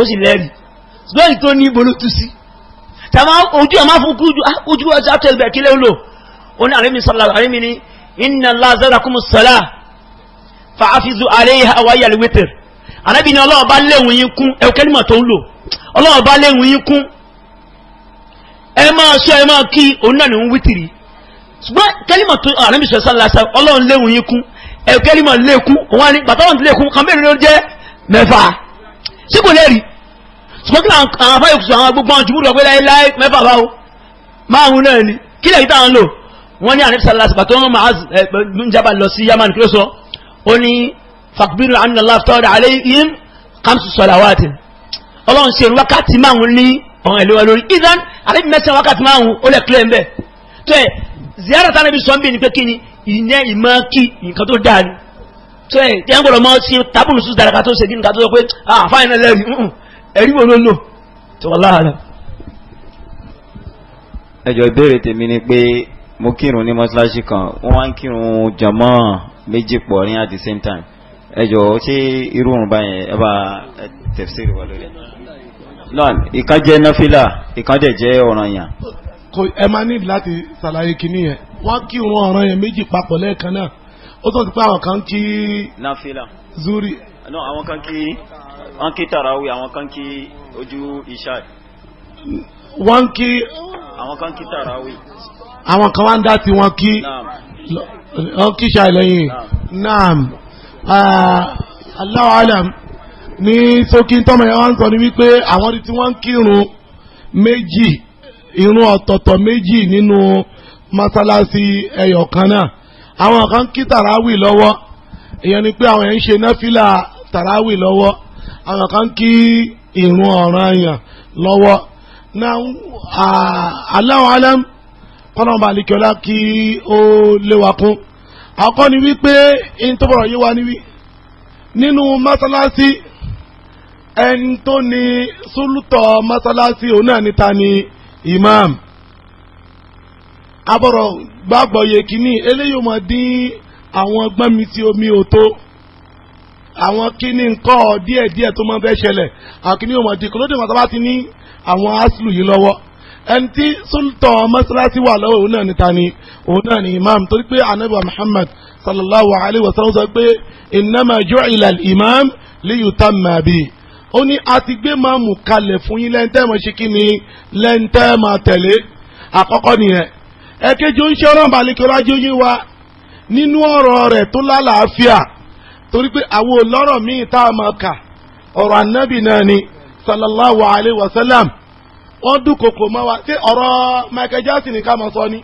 ó sì lẹ́rìí lóyìn tó ní ibo ló tú sí tàbá ojú ẹ̀ máa fún kújú ah, ojú ọjà tó ẹgbẹ̀ kílẹ̀ ń lò ó ní àrẹ́mi sọ́lá àrẹ́mi ni inna Allah zadakum sọ́lá fàáfíìzù alayha àwáyé àlùwẹ́tẹ̀rẹ̀ àrẹ́bí ni ọlọ́ọ̀bá léwùn yín kún ẹ̀ kẹ́límọ̀ tó ń lò ọlọ́ọ̀bá léwùn yín kún ẹ máa sọ ẹ máa kí òun náà ní ń wítìrì ṣùgbọ́n kẹ́límọ̀ tó àrẹ́mi sọ́lá sọ́lá ọlọ́ọ̀ léwùn yín kún ẹ̀ kẹ́límọ̀ lékún òun wá ní bàtà wọn ti lékún kàmbẹ́rún ló jẹ́ mẹ́fà sí kò lè rí sọ́kí àwọn afẹ́ ìkùsù àwọn gbogbo àwọn jùmúrù ọgbẹ́ láíláí mẹ́fà báwo márùn náà ni kí lẹ́yìn táwọn lò wọ́n ní ànífisà lásìkò tó ń máa ń jábà lọ sí yamani kí ló sọ ó ní fàkbírù anàlá tọ́ra alẹ́ yìí kàmsù sọ̀làwàtì ọlọ́run ṣe wákàtí márùn ní ọ̀rọ̀ ìlú lórí ìdán àlẹ́bí mẹ́sàn wákàtí márùn ó lẹ̀ kílẹ̀ ń bẹ̀ tó ẹ̀ ziyara tánà bí sọ́nbì ni pé kí ni ìyẹn ìmọ̀ kí nǹkan tó dáa ni tó ẹ̀ tí wọ́n gbọ́dọ̀ mọ́ sí tábùlù sùn dára ká tó ṣe kí nǹkan tó sọ pé àfáàyàn ah, lẹ́rìí ẹ̀rí wo ló lò tó láàárọ̀. ẹjọ́ ìbéèrè tèmi ni pé mo kírun ní mọ́ṣáláṣí kan wọ́n wá ń kírun jọmọ́ méjì pọ̀ ní at the same time ẹjọ́ ṣé irú òun báyẹn ẹ bá tẹ̀síìrì wà lórí. lọ́n ìkan jẹ́ náfìlà ìkan dẹ̀ jẹ́ ọ̀ranyàn. kò ẹ máa ní láti ṣàlàyé kinní yẹn wọ́n kírun ọ̀ràn yẹn méjì papọ̀ lẹ́ẹ̀kan náà ó tó ti pé àwọn kan kí. náfìlà. zuri. náà àwọn kan kí wọ́n kí tàràwì àwọn kan kí ojú ìṣáì wọ́n kí àwọn kan kí tàràwì àwọn kan wá dá tí wọ́n kí wọ́n kí ṣáì lẹ́yìn naam ah, Allahu alam ní sókí tọ́mọ yẹn wọ́n ń sọ ní wípé àwọn tí wọ́n ń kírun méjì irun ọ̀tọ̀ọ̀tọ̀ méjì nínú mọ́sálásí ẹyọ kan náà àwọn kan kí tàràwì lọ́wọ́ ìyẹn ni pé àwọn yẹn ń ṣe náfìlà tàràwì lọ́wọ́ àwọn kan kí ìrun ọ̀ràn yàn lọ́wọ́ náà aláwọ̀ alám kọ́nà balikọ́lá kí ó léwa kún àkọ́ni wípé in tó bọ̀rọ̀ yíwa níbí nínú mọ́sálásí ẹni tó ní sólùtọ̀ mọ́sálásí òun náà níta ni imam abọ̀rọ̀ gbàgbọ́ yẹ kínní eléyìí ó máa dín àwọn gbọ́nmi tí omi ò tó àwọn kíní nǹkan díẹ̀ díẹ̀ tó máa fẹ́ ṣẹlẹ̀ àwọn kíní òmò dìkú lóde wọn tó bá ti ní àwọn aslu yìí lọ́wọ́ ẹni tí sultan mọ́sálásí wà lọ́wọ́ òun náà ni tani òun náà ni imam torí pé anabi muhammad sallallahu alayhi wa sallam sọ pé innama ju'ila al-imam liyutamma bihi ó ní a ti gbé máàmù kalẹ̀ fún yín lẹ́ńtẹ́ mọ̀ ṣe kí ni lẹ́ńtẹ́ máa tẹ̀lé àkọ́kọ́ nìyẹn ẹ̀kejì ó ń balẹ̀ kí ọlájú yín wa nínú ọ̀rọ̀ rẹ̀ tó lálàáfíà torí pé àwọn olọ́rọ̀ míì tá a máa kà ọ̀rọ̀ ànábì náà ni sallallahu alayhi wa sallam wọ́n dúnkokò mọ́ wa ṣé ọ̀rọ̀ Michael Jackson ká máa sọ ni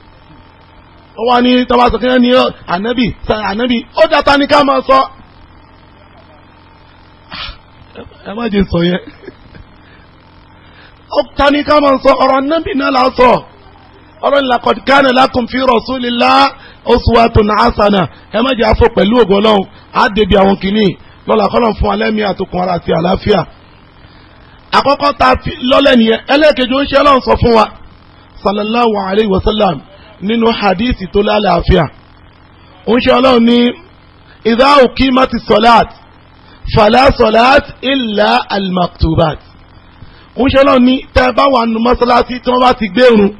wọ́n wá ní tọ́wọ́ sọ kíni ní oh, ànábì ó dáta ni ká máa sọ ẹ má jẹ sọ yẹn ó ta ká máa sọ ọ̀rọ̀ ànábì náà là á sọ ọlọ́run laqad kana lakum fi rasulillah uswatun hasana ẹ má jẹ́ àfọ pẹ̀lú ògo ọlọ́run á débi àwọn kìíní lọ́la kọ́lọ̀ fún alẹ́mí àtòkùn ara àti àlàáfíà. àkọ́kọ́ ta lọ́lẹ̀ nìyẹn ẹlẹ́ẹ̀kejì ó ń ṣe ọlọ́run sọ fún wa sallallahu alayhi wa sallam nínú hadithi tó lálàáfíà. ó ń ṣe ọlọ́run ní idha uqimati salat fala salat illa al-maktubat. ó ń ọlọ́run ní tẹ́ bá nù mọ́sálásí tí wọ́n bá ti gbé irun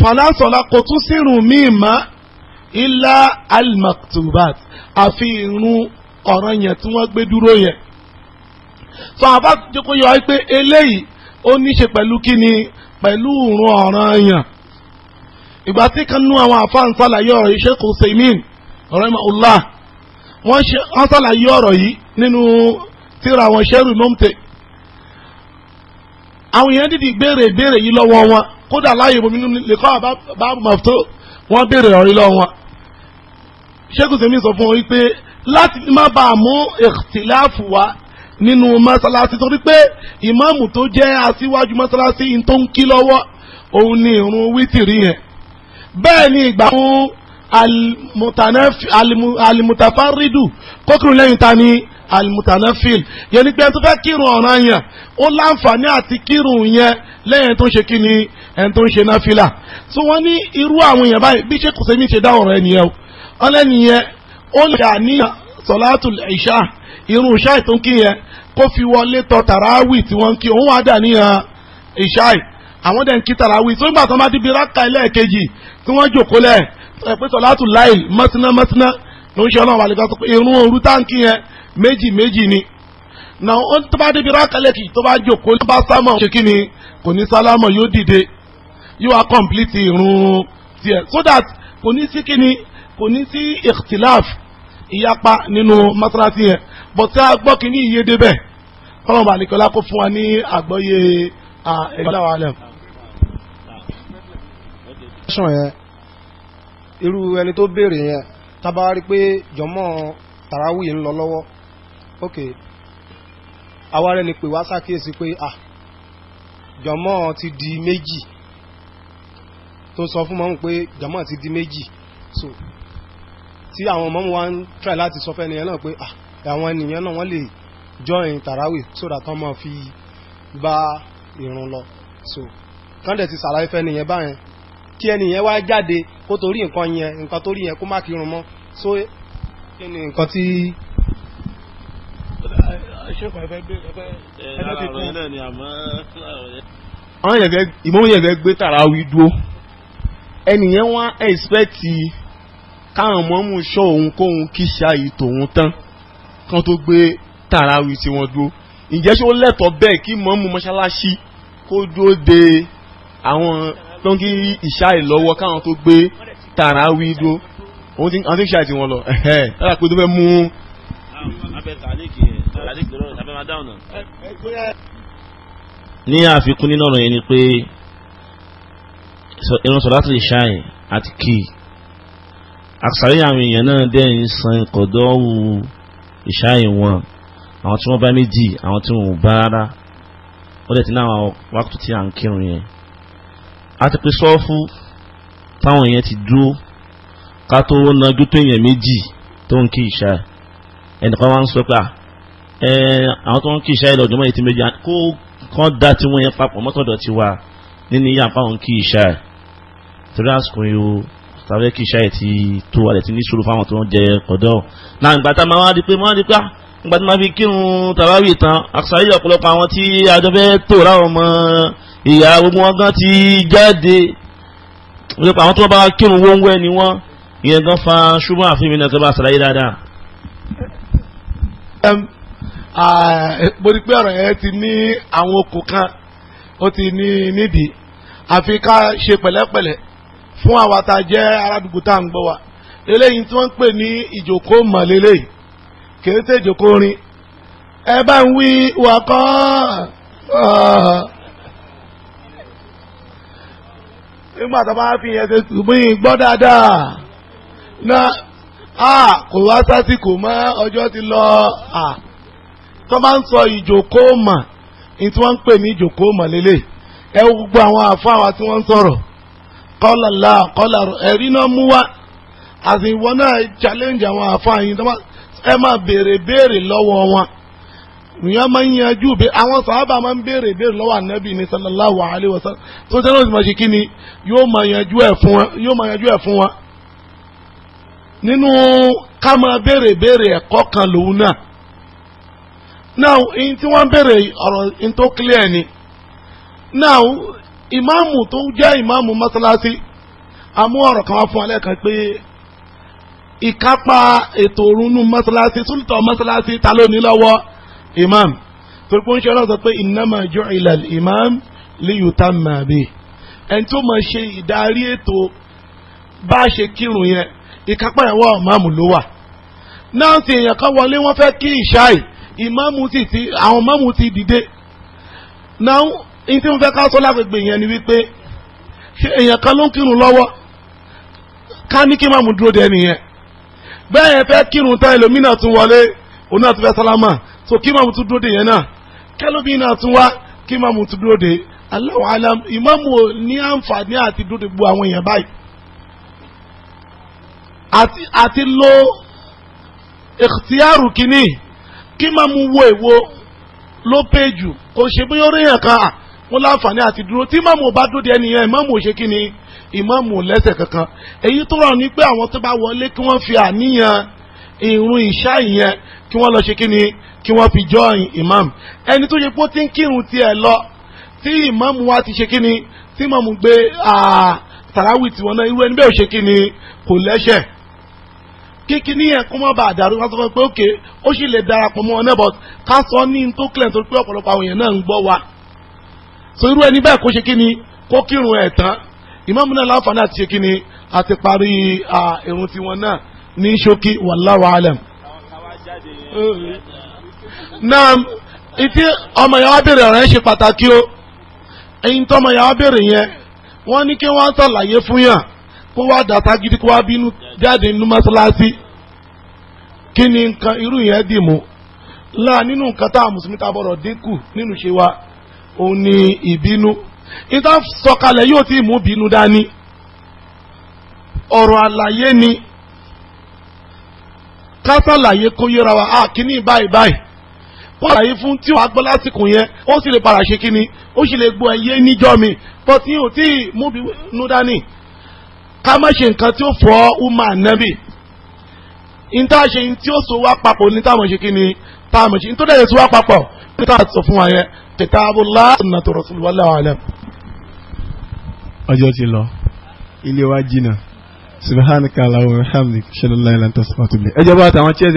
fàlàsọ̀lá kò tún sírun míì mọ́ ilá almaktubat àfi irun ọ̀ràn yẹn tí wọ́n gbé dúró yẹn. sọ àbá jókòó yọ pé eléyìí ó ní ṣe pẹ̀lú kíni pẹ̀lú irun ọ̀ràn yẹn. ìgbà tí kan nú àwọn àfáàn sàlàyé ọ̀rọ̀ iṣẹ́ kò sèmín rahimahullah wọ́n sàlàyé ọ̀rọ̀ yìí nínú tíra àwọn ṣẹ́rù mọ́mtẹ́. àwọn èèyàn dìde ìbéèrè ìbéèrè yìí lọ́wọ́ wọn kódà láàyè bomi lè kọ́ báàbù màftó wọ́n béèrè ọ̀rí lọ́wọ́ wọn. ṣéèkù sèmi sọ fún wọn wípé láti má bàa mú ìtìláàfù wá nínú mọ́sálásí torí pé ìmáàmù tó jẹ́ aṣíwájú mọ́sálásí yìí tó ń kí lọ́wọ́ òun ni ìrun wítìrí yẹn. bẹ́ẹ̀ ni ìgbà fún alimutafaridu kókùnrin lẹ́yìn ta ni Almutanafil yẹn ni pé ẹni tó fẹ́ kírun ọ̀ràn yẹn ó láǹfààní àti kírun yẹn lẹ́yìn tó ń ṣe kí ni ẹni tó ń ṣe náfìlà so wọ́n ní irú àwọn èèyàn báyìí bí ṣe kò sẹ́mi ṣe dá ọ̀rọ̀ ẹnìyẹn o ọlẹ́nìyẹn ó lè àníyàn sọ̀látù ìṣá irun ìṣá tó kí yẹn kó fi wọlé tọ tàràwì tí wọ́n ń kí òun wá dà níyàn ìṣá àwọn dẹ̀ ń kí tàràwì tó ń gbà tó má débi rákà ẹlẹ́ẹ̀kejì tí wọ́n jòkó lẹ̀ pé sọ̀látù láìl mọ́tíná ló ń ṣe ọlọ́run àlejò sọ pé irun òru táǹkì yẹn méjì méjì ni na ó tó bá débi rákàlẹ́kì tó bá jókòó ní bá sámọ̀ ṣe kí ni kò ní sálámọ̀ yóò dìde yóò wá kọ̀m̀plìtì irun tiẹ̀ so that kò ní sí kí ni kò ní sí ìkhtilaf ìyapa nínú mọ́sálásí yẹn bọ̀ tí a gbọ́ kí ní iye débẹ̀ kọ́lọ́mù àlejò kó fún wa ní àgbọ́yé ẹ̀gbọ́n irú ẹni tó béèrè yẹn tábà rí pé jọmọ́ tàràwì ń lọ lọ́wọ́ ok àwa ni pé wá ṣàkíyèsí pé ah jọmọ́ ti di méjì tó sọ fún mọ́mú pé jọmọ́ ti di méjì so tí àwọn mọ́mú wa ń try láti sọ fẹ́ nìyẹn náà pé ah àwọn ènìyàn náà wọ́n lè join tàràwì sódà tán máa fi bá ìrun lọ so kán dẹ̀ ti ṣàlàyé fẹ́ nìyẹn báyẹn kí ẹnìyẹn wá jáde kó torí nǹkan yẹn nǹkan torí yẹn kó má kírun mọ́ so kí ni nǹkan tí. àwọn yẹn fẹ́ ìmọ̀ yẹn fẹ́ gbé tàràwí dúró ẹnìyẹn wá ẹ̀sìpẹ́tì káwọn mọ́mú ṣọ́ òun kóhun kí ṣá yìí tòun tán kan tó gbé tàràwí tí wọ́n dúró ǹjẹ́ ṣé ó lẹ́tọ̀ọ́ bẹ́ẹ̀ kí mọ́mú mọ́ṣáláṣí kó dúró de àwọn tó ń kí ìṣá ìlọ́wọ́ káwọn tó gbé tàràwí dó àwọn tí ń ṣe àti wọn lọ ẹ̀hẹ́ lára pé tó fẹ́ mú. ní àfikún nínú ọ̀rọ̀ yẹn ni pé irun sọ̀rọ̀ láti ìṣá yẹn àti kì í àkàrí àwọn èèyàn náà dẹ́ ń san kọ̀dọ́wù ìṣá wọn àwọn tí wọ́n bá méjì àwọn tí wọ́n bá rárá ó dẹ̀ ti náà wákùtù tí à ń kírun yẹn a ti pe sọ́ọ̀fù táwọn èèyàn ti dúró ká tó nájú tó èèyàn méjì tó ń kí ìṣá ẹnìkan wá ń sọ pé ẹ àwọn tó ń kí ìṣá ìlọ́dún mọ́ ètí méjì kó kán dá tí wọ́n yẹn papọ̀ mọ́tọ̀dọ̀ ti wà nínú ìyá àpáwọn kí ìṣá torí àsìkò yìí o tàbí kí ìṣá ti tó alẹ̀ ti ní sùúrù fáwọn tó ń jẹ kọ̀dọ̀ náà máa wá di pé máa ìyá gbogbo wọn gan ti jáde nípa àwọn tó bá kírun wọ́n wẹ́ ni wọ́n ìyẹn gan fa ṣùgbọ́n àfihàn náà tó bá ṣàlàyé dáadáa. mo rí pé ọ̀rọ̀ yẹn ti ní àwọn okùn kan ó ti ní nídìí àfi ká ṣe pẹ̀lẹ́pẹ̀lẹ́ fún àwa tá a jẹ́ aládùúgbò tá à ń gbọ́ wa eléyìí tí wọ́n ń pè ní ìjòkó mọ̀lélẹ́yìí kì í ṣe ìjòkó rin ẹ bá ń wí wakọ́ nígbà tó bá fi yẹn ṣe sùnmù dáadáa na a kò wá sásìkò mọ́ ọjọ́ ti lọ a. tó bá ń sọ ìjókòó ní tí wọ́n ń pè ní ìjókòó lélẹ̀ ẹ gbogbo àwọn àfáà tí wọ́n ń sọ̀rọ̀ kọ́là là kọ́là ẹ̀rí náà mú wá àti ìwọ náà challenge àwọn nìyẹn máa ń yanjú bẹ àwọn sàhábà máa ń béèrè béèrè lọ́wọ́ ànábì ní sallallahu alayhi wa sallam tó tẹ́lẹ̀ òsì máa ṣe kí ni yóò máa yanjú ẹ̀ fún wọn yóò máa yanjú ẹ̀ fún wọn. nínú ká máa béèrè béèrè ẹ̀kọ́ kan lòun náà now in tí wọ́n béèrè ọ̀rọ̀ tó clear ni now ìmáàmù tó jẹ́ ìmáàmù mọ́sálásí àmú ọ̀rọ̀ kan wá fún alẹ́ kan pé ìkápá ètò òrùnú mọ́sálásí súlùtọ̀ mọ́sálásí ta ló ní lọ́wọ́ imam torí pé ó ń ṣe ọlọ́run sọ pé innama ju'ila al-imam liyutamma bihi ẹni tó máa ṣe ìdarí ètò bá a ṣe kírun yẹn ìkápá ìwọ ìmáàmù ló wà náà sì èèyàn kan wọlé wọ́n fẹ́ kí ìṣáì ìmáàmù sì ti àwọn ìmáàmù ti dìde náà ní tí wọ́n fẹ́ ká sọ lágbègbè yẹn ni wípé ṣé èèyàn kan ló ń kírun lọ́wọ́ ká ní kí ìmáàmù dúró dé nìyẹn bẹ́ẹ̀ yẹn fẹ́ kírun tán ẹlòmínà tún wọlé òun náà tún fẹ́ sálámà so kí máa mú tún dúró de yẹn náà kẹlómi náà tún wá kí máa mú tún dúró de Allahu alam ìmáàmù ní àǹfààní àti dúró de gbogbo àwọn èèyàn báyìí àti àti lo ìkìtìyàrù kìíní kí máa mú wo èwo ló pé jù kò ṣe bí orí yẹn kan wọn láǹfààní àti dúró tí ìmáàmù bá dúró de ẹni yẹn ìmáàmù ò ṣe kí ni ìmáàmù lẹ́sẹ̀ kankan èyí tó rọrùn ni pé àwọn tó bá wọlé kí wọ́n fi àníyàn ìrun ìṣá ìyẹn kí wọ́n lọ ṣe kí kí wọ́n fi jọ́ọ̀yìn imam ẹni tó ṣe pé ó ti ń kírun tiẹ̀ lọ tí imam wa ti ṣe kíni tí imam gbé tàràwì tiwọn náà irú ẹni bẹ́ẹ̀ ò ṣe kíni kò lẹ́ṣẹ̀ kíkí ní yẹn kó má bàa dàrú ká sọ fún mi pé ókè ó sì lè darapọ̀ mọ́ ọ náà but ká sọ ní tó kílẹ̀ nítorí pé ọ̀pọ̀lọpọ̀ àwọn èèyàn náà ń gbọ́ wa so irú ẹni bẹ́ẹ̀ kó ṣe kíni kó kírun ẹ̀ tán ìmáàmù náà láǹfààní àti ṣe kíni àti parí irun tiwọn náà ní ṣókí wallahu alam náà ìtí ọmọ yàrá béèrè ọ̀rẹ́ ṣe pàtàkì o ẹ̀yin tọ́mọ yàrá béèrè yẹn wọ́n ní kí wọ́n ṣàlàyé fún yàn kó wá dàtà gidi kó wá bínú jáde nínú mọ́ṣáláṣí kí ni nǹkan irú yẹn dì mú láà nínú nǹkan tá a mùsùlùmí ta bọ̀rọ̀ dínkù nínú ṣe wa òun ni ìbínú ìta sọ̀kalẹ̀ yóò ti mú bínú dání ọ̀rọ̀ àlàyé ni ká ṣàlàyé kó yẹra wa a kí ní báyìí báyìí kọ́lá yìí fún tí wàá gbọ́ lásìkò yẹn ó sì lè padà ṣe kí ni ó sì lè gbọ́ ẹyẹ níjọ́ mi fọtí ò tí ì mú bí nú dání ká má ṣe nǹkan tí ó fọ́ uma nẹ́bì níta ṣe ní tí ó so wá papọ̀ ní táwọn ṣe kí ni táwọn ṣe ní tó dẹ̀ so wá papọ̀ ní táwọn sọ fún wa yẹn kitabullah sunnatu rasulillah wallahu alam. ọjọ́ ti lọ ilé wa jìnnà subhanaka allahumma wa hamdika shallallahu la ilaha illa anta astaghfiruka wa atubu ilayk. ẹ jẹ́ bá àtàwọn